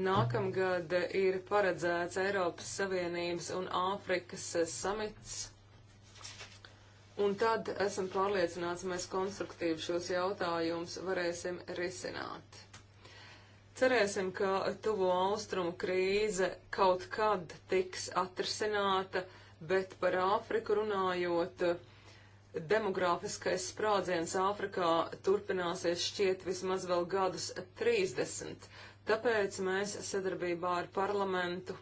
Nākamgad ir paredzēts Eiropas Savienības un Āfrikas samits Un tad esam pārliecināti, mēs konstruktīvi šos jautājumus varēsim risināt. Cerēsim, ka tuvo austrumu krīze kaut kad tiks atrisināta, bet par Āfriku runājot, demogrāfiskais sprādziens Āfrikā turpināsies šķiet vismaz vēl gadus 30. Tāpēc mēs sadarbībā ar parlamentu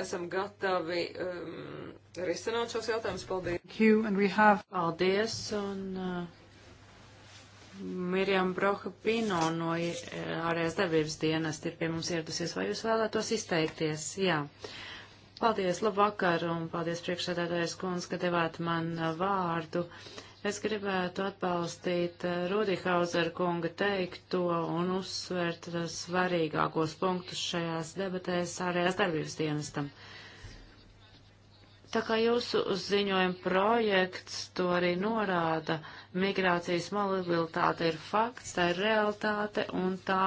esam gatavi um, risināt šos jautājumus. Paldies! Have... Paldies! Un, uh... Mirjam Broha Pino no uh, ārējās darbības dienas ir pie mums ieradusies. Vai jūs vēlētos izteikties? Jā. Paldies, labvakar, un paldies priekšsēdētājs kundz, ka devāt man uh, vārdu. Uh, Es gribētu atbalstīt eh, Rudihauser kunga teikto un uzsvērt eh, svarīgākos punktus šajās debatēs ārējās darbības dienestam. Tā kā jūsu ziņojuma projekts to arī norāda, migrācijas mobilitāte ir fakts, tā ir realitāte un tā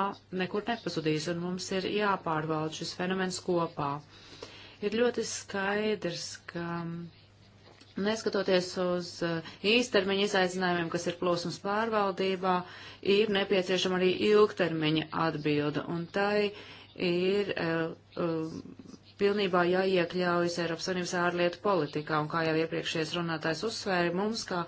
nekur nepazudīs, un mums ir jāpārvalda šis fenomens kopā. Ir ļoti skaidrs, ka Neskatoties uz eh, īstermiņa izaicinājumiem, kas ir plosums pārvaldībā, ir nepieciešama arī ilgtermiņa atbilda, un tai ir uh, pilnībā jāiekļaujas Eiropas Savienības ārlietu politikā, un kā jau iepriekšējais runātājs uzsvēra, mums kā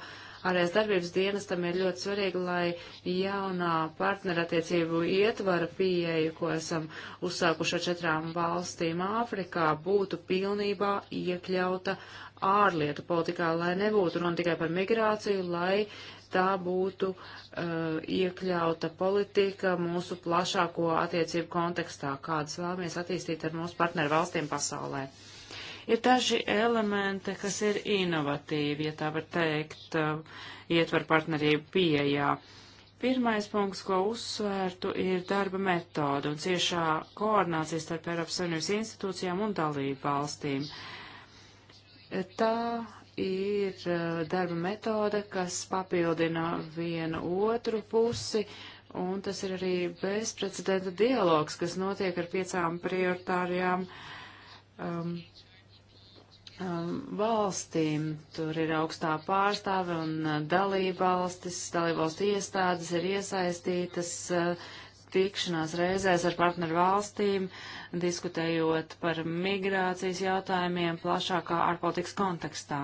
Ārējās darbības dienestam ir ļoti svarīgi, lai jaunā partnerattiecību ietvara pieeju, ko esam uzsākuši ar četrām valstīm Āfrikā, būtu pilnībā iekļauta ārlietu politikā, lai nebūtu runa tikai par migrāciju, lai tā būtu uh, iekļauta politika mūsu plašāko attiecību kontekstā, kādas vēlamies attīstīt ar mūsu partneru valstīm pasaulē. Uh, Ir daži elementi, kas ir inovatīvi, ja tā var teikt, eh, ietver partnerību pieejā. Pirmais punkts, ko uzsvērtu, ir darba metoda un ciešā koordinācija starp Eiropas Savienības institūcijām un dalību valstīm. Tā ir eh, darba metode, kas papildina vienu otru pusi, un tas ir arī bezprecedenta dialogs, kas notiek ar piecām prioritārijām um, um, valstīm. Tur ir augstā pārstāve un uh, dalībvalstis, dalībvalstu iestādes ir iesaistītas uh, tikšanās reizēs ar partneru valstīm, diskutējot par migrācijas jautājumiem plašākā ārpolitikas kontekstā.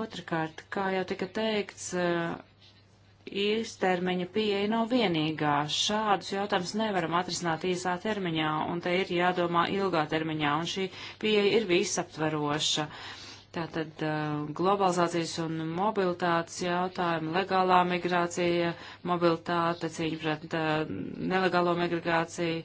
Otrakārt, kā jau tika teikts, uh, īstermiņa pieeja nav vienīgā. Šādus jautājumus nevaram atrisināt īsā termiņā, un te ir jādomā ilgā termiņā, un šī pieeja ir visaptveroša. Tātad uh, globalizācijas un mobilitātes jautājumi, legālā migrācija, mobilitāte, cīņa pret uh, nelegālo migrāciju,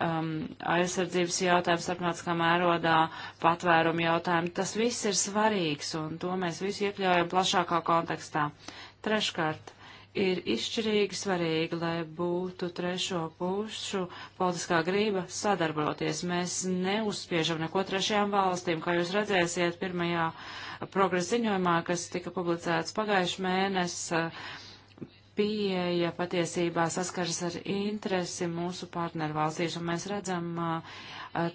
um, aizsardzības jautājums starptautiskā mērodā, patvērumu jautājumi. Tas viss ir svarīgs, un to mēs visu iekļaujam plašākā kontekstā. Treškārt, ir izšķirīgi svarīgi, lai būtu trešo pušu politiskā grība sadarboties. Mēs neuzspiežam neko trešajām valstīm, kā jūs redzēsiet pirmajā progresa ziņojumā, kas tika publicēts pagājuši mēnesi. Pieeja patiesībā saskaras ar interesi mūsu partnervalstīs, un mēs redzam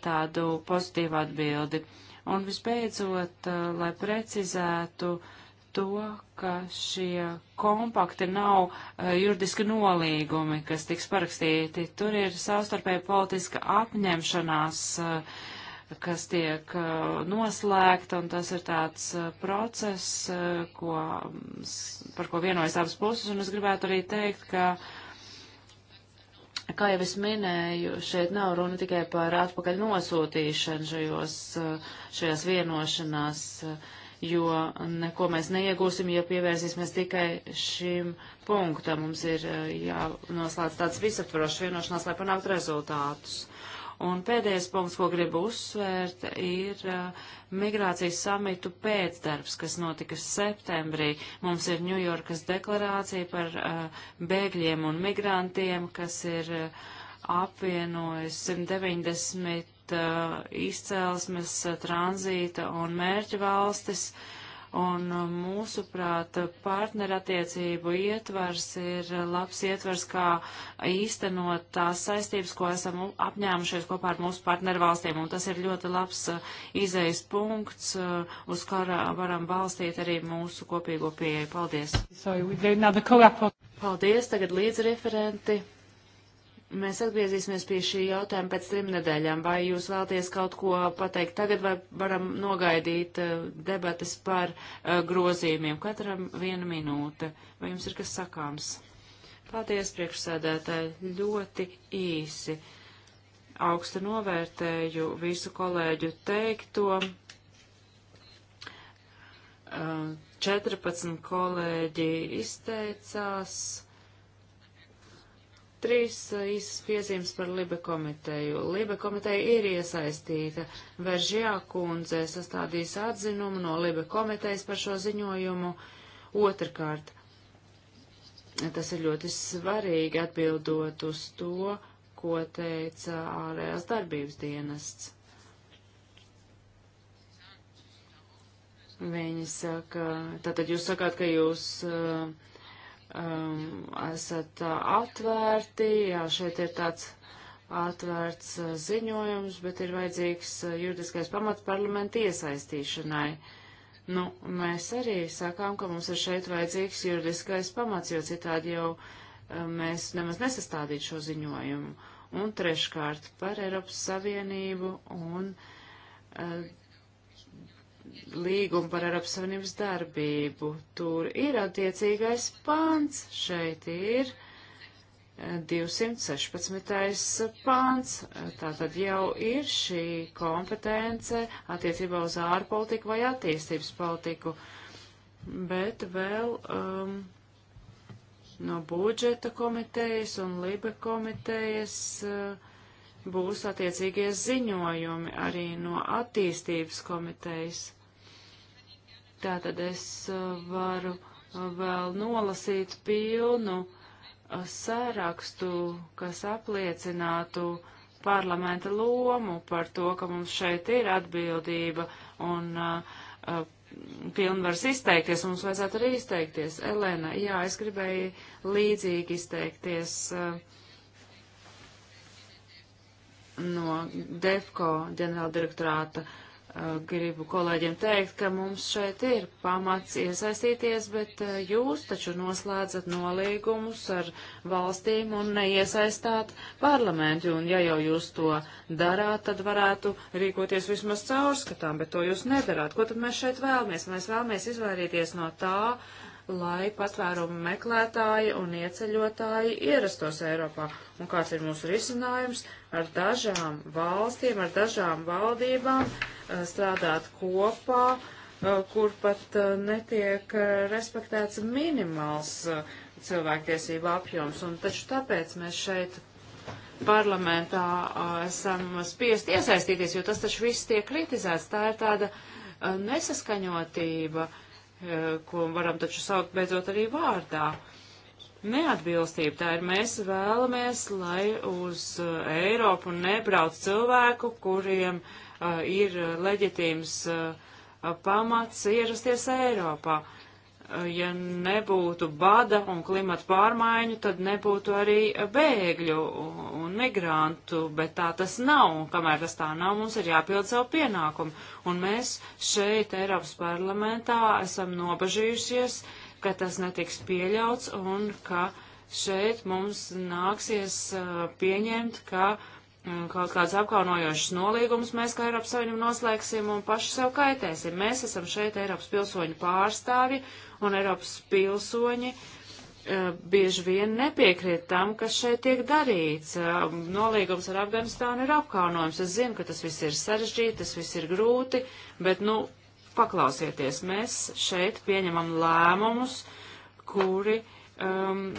tādu pozitīvu atbildi. Un visbeidzot, lai precizētu uh, to, ka šie kompakti nav uh, juridiski nolīgumi, kas tiks parakstīti. Tur ir savstarpēji politiska apņemšanās, uh, kas tiek uh, noslēgta, un tas ir tāds process, ko, par ko vienojas abas puses, un es gribētu arī teikt, ka Kā jau es minēju, šeit nav runa tikai par atpakaļ nosūtīšanu šajos, šajās vienošanās. Uh, jo neko mēs neiegūsim, ja pievērsīsimies tikai šim punktam. Mums ir eh, jānoslēdz tāds visaptvarošs vienošanās, lai panāktu rezultātus. Un pēdējais punkts, ko gribu uzsvērt, ir uh, migrācijas samitu pēcdarbs, kas notika septembrī. Mums ir Ņujorkas deklarācija par uh, bēgļiem un migrantiem, kas ir uh, apvienojis 190 tātad uh, izcēlesmes, uh, tranzīta un mērķa valstis. Un uh, mūsuprāt, partnerattiecību ietvars ir labs ietvars, kā īstenot tās saistības, ko esam apņēmušies kopā ar mūsu partnervalstīm. Un tas ir ļoti labs izejas punkts, uz kura varam balstīt arī mūsu kopīgo pieeju. Paldies! Sorry, Paldies, tagad līdzreferenti. Mēs atgriezīsimies pie šī jautājuma pēc trim nedēļām. Vai jūs vēlaties kaut ko pateikt tagad, vai varam nogaidīt uh, debatas par uh, grozījumiem? Katram viena minūte. Vai jums ir kas sakāms? Paldies, priekšsēdētāji, ļoti īsi. Augstu novērtēju visu kolēģu teikto. Uh, eh, 14 kolēģi izteicās Trīs uh, īsas piezīmes par Libe komiteju. Libe komiteja ir iesaistīta. Veržjā kundze sastādīs atzinumu no Libe komitejas par šo ziņojumu. Otrakārt, tas ir ļoti svarīgi atbildot uz to, ko teica ārējās darbības dienests. Viņi saka, tātad jūs sakāt, ka jūs uh, um, esat atvērti, jā, šeit ir tāds atvērts uh, ziņojums, bet ir vajadzīgs uh, juridiskais pamats parlamenta iesaistīšanai. Nu, mēs arī sakām, ka mums ir šeit vajadzīgs juridiskais pamats, jo citādi jau uh, mēs nemaz nesastādītu šo ziņojumu. Un treškārt par Eiropas Savienību un uh, līgumu par Eiropas Savienības darbību. Tur ir attiecīgais pāns, šeit ir 216. Eh, pāns, tātad jau ir šī kompetence attiecībā uz ārpolitiku vai attīstības politiku, bet vēl um, no budžeta komitejas un libe komitejas. Uh, būs attiecīgie ziņojumi arī no attīstības komitejas. Tātad es uh, varu uh, vēl nolasīt pilnu uh, sārakstu, kas apliecinātu parlamenta lomu par to, ka mums šeit ir atbildība un uh, pilnvars izteikties, mums vajadzētu arī izteikties. Elena, jā, es gribēju līdzīgi izteikties uh, no DEFCO ģenerāldirektorāta. Uh, Eh, gribu kolēģiem teikt, ka mums šeit ir pamats iesaistīties, bet eh, jūs taču noslēdzat nolīgumus ar valstīm un neiesaistāt parlamentu, un ja jau jūs to darāt, tad varētu rīkoties vismaz caurskatām, bet to jūs nedarāt. Ko tad mēs šeit vēlamies? Mēs vēlamies izvairīties no tā, lai patvērumu meklētāji un ieceļotāji ierastos Eiropā. Un kāds ir mūsu risinājums ar dažām valstīm, ar dažām valdībām? Eh, strādāt kopā, eh, kur pat eh, netiek respektēts minimāls cilvēktiesību apjoms. Un taču tāpēc mēs šeit parlamentā esam spiest iesaistīties, jo tas taču viss tiek kritizēts. Tā ir tāda nesaskaņotība, ko varam taču saukt beidzot arī vārdā. Neatbilstība tā ir. Mēs vēlamies, lai uz Eiropu nebrauc cilvēku, kuriem uh, ir leģitīms pamats ierasties Eiropā. Ja nebūtu bada un klimata pārmaiņu, tad nebūtu arī bēgļu un migrantu, bet tā tas nav. Un kamēr tas tā nav, mums ir jāpild savu pienākumu. Un mēs šeit, Eiropas parlamentā, esam nobažījušies, ka tas netiks pieļauts un ka šeit mums nāksies pieņemt, ka uh, Mm, kaut kāds apkaunojošs nolīgums mēs kā Eiropas Savienība noslēgsim un paši sev kaitēsim. Mēs esam šeit Eiropas pilsoņu pārstāvi un Eiropas pilsoņi eh, bieži vien nepiekrīt tam, kas šeit tiek darīts. Eh, nolīgums ar Afganistānu ir apkaunojums. Es zinu, ka tas viss ir sarežģīti, tas viss ir grūti, bet, nu, paklausieties, mēs šeit pieņemam lēmumus, kuri um,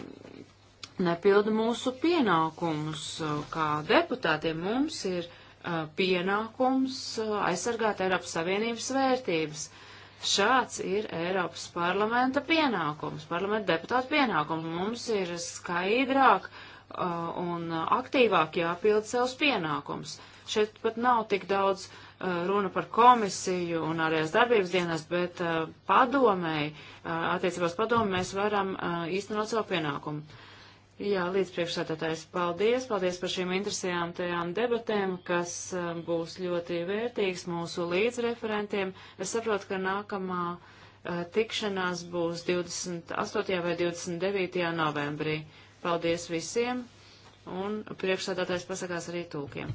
nepilda mūsu pienākumus. Kā deputātiem mums ir pienākums aizsargāt Eiropas Savienības vērtības. Šāds ir Eiropas parlamenta pienākums, parlamenta deputāta pienākums. Mums ir skaidrāk uh, un aktīvāk jāpild savus pienākums. Šeit pat nav tik daudz uh, runa par komisiju un ārējās darbības dienas, bet uh, padomēji, attiecībās padomu mēs varam īstenot savu pienākumu. Jā, līdzpriekšsēdētājs, paldies. Paldies par šīm interesantajām debatēm, kas um, būs ļoti vērtīgs mūsu līdzreferentiem. Es saprotu, ka nākamā uh, tikšanās būs 28. vai 29. novembrī. Paldies visiem, un priekšsādātājs pasakās arī tūkiem.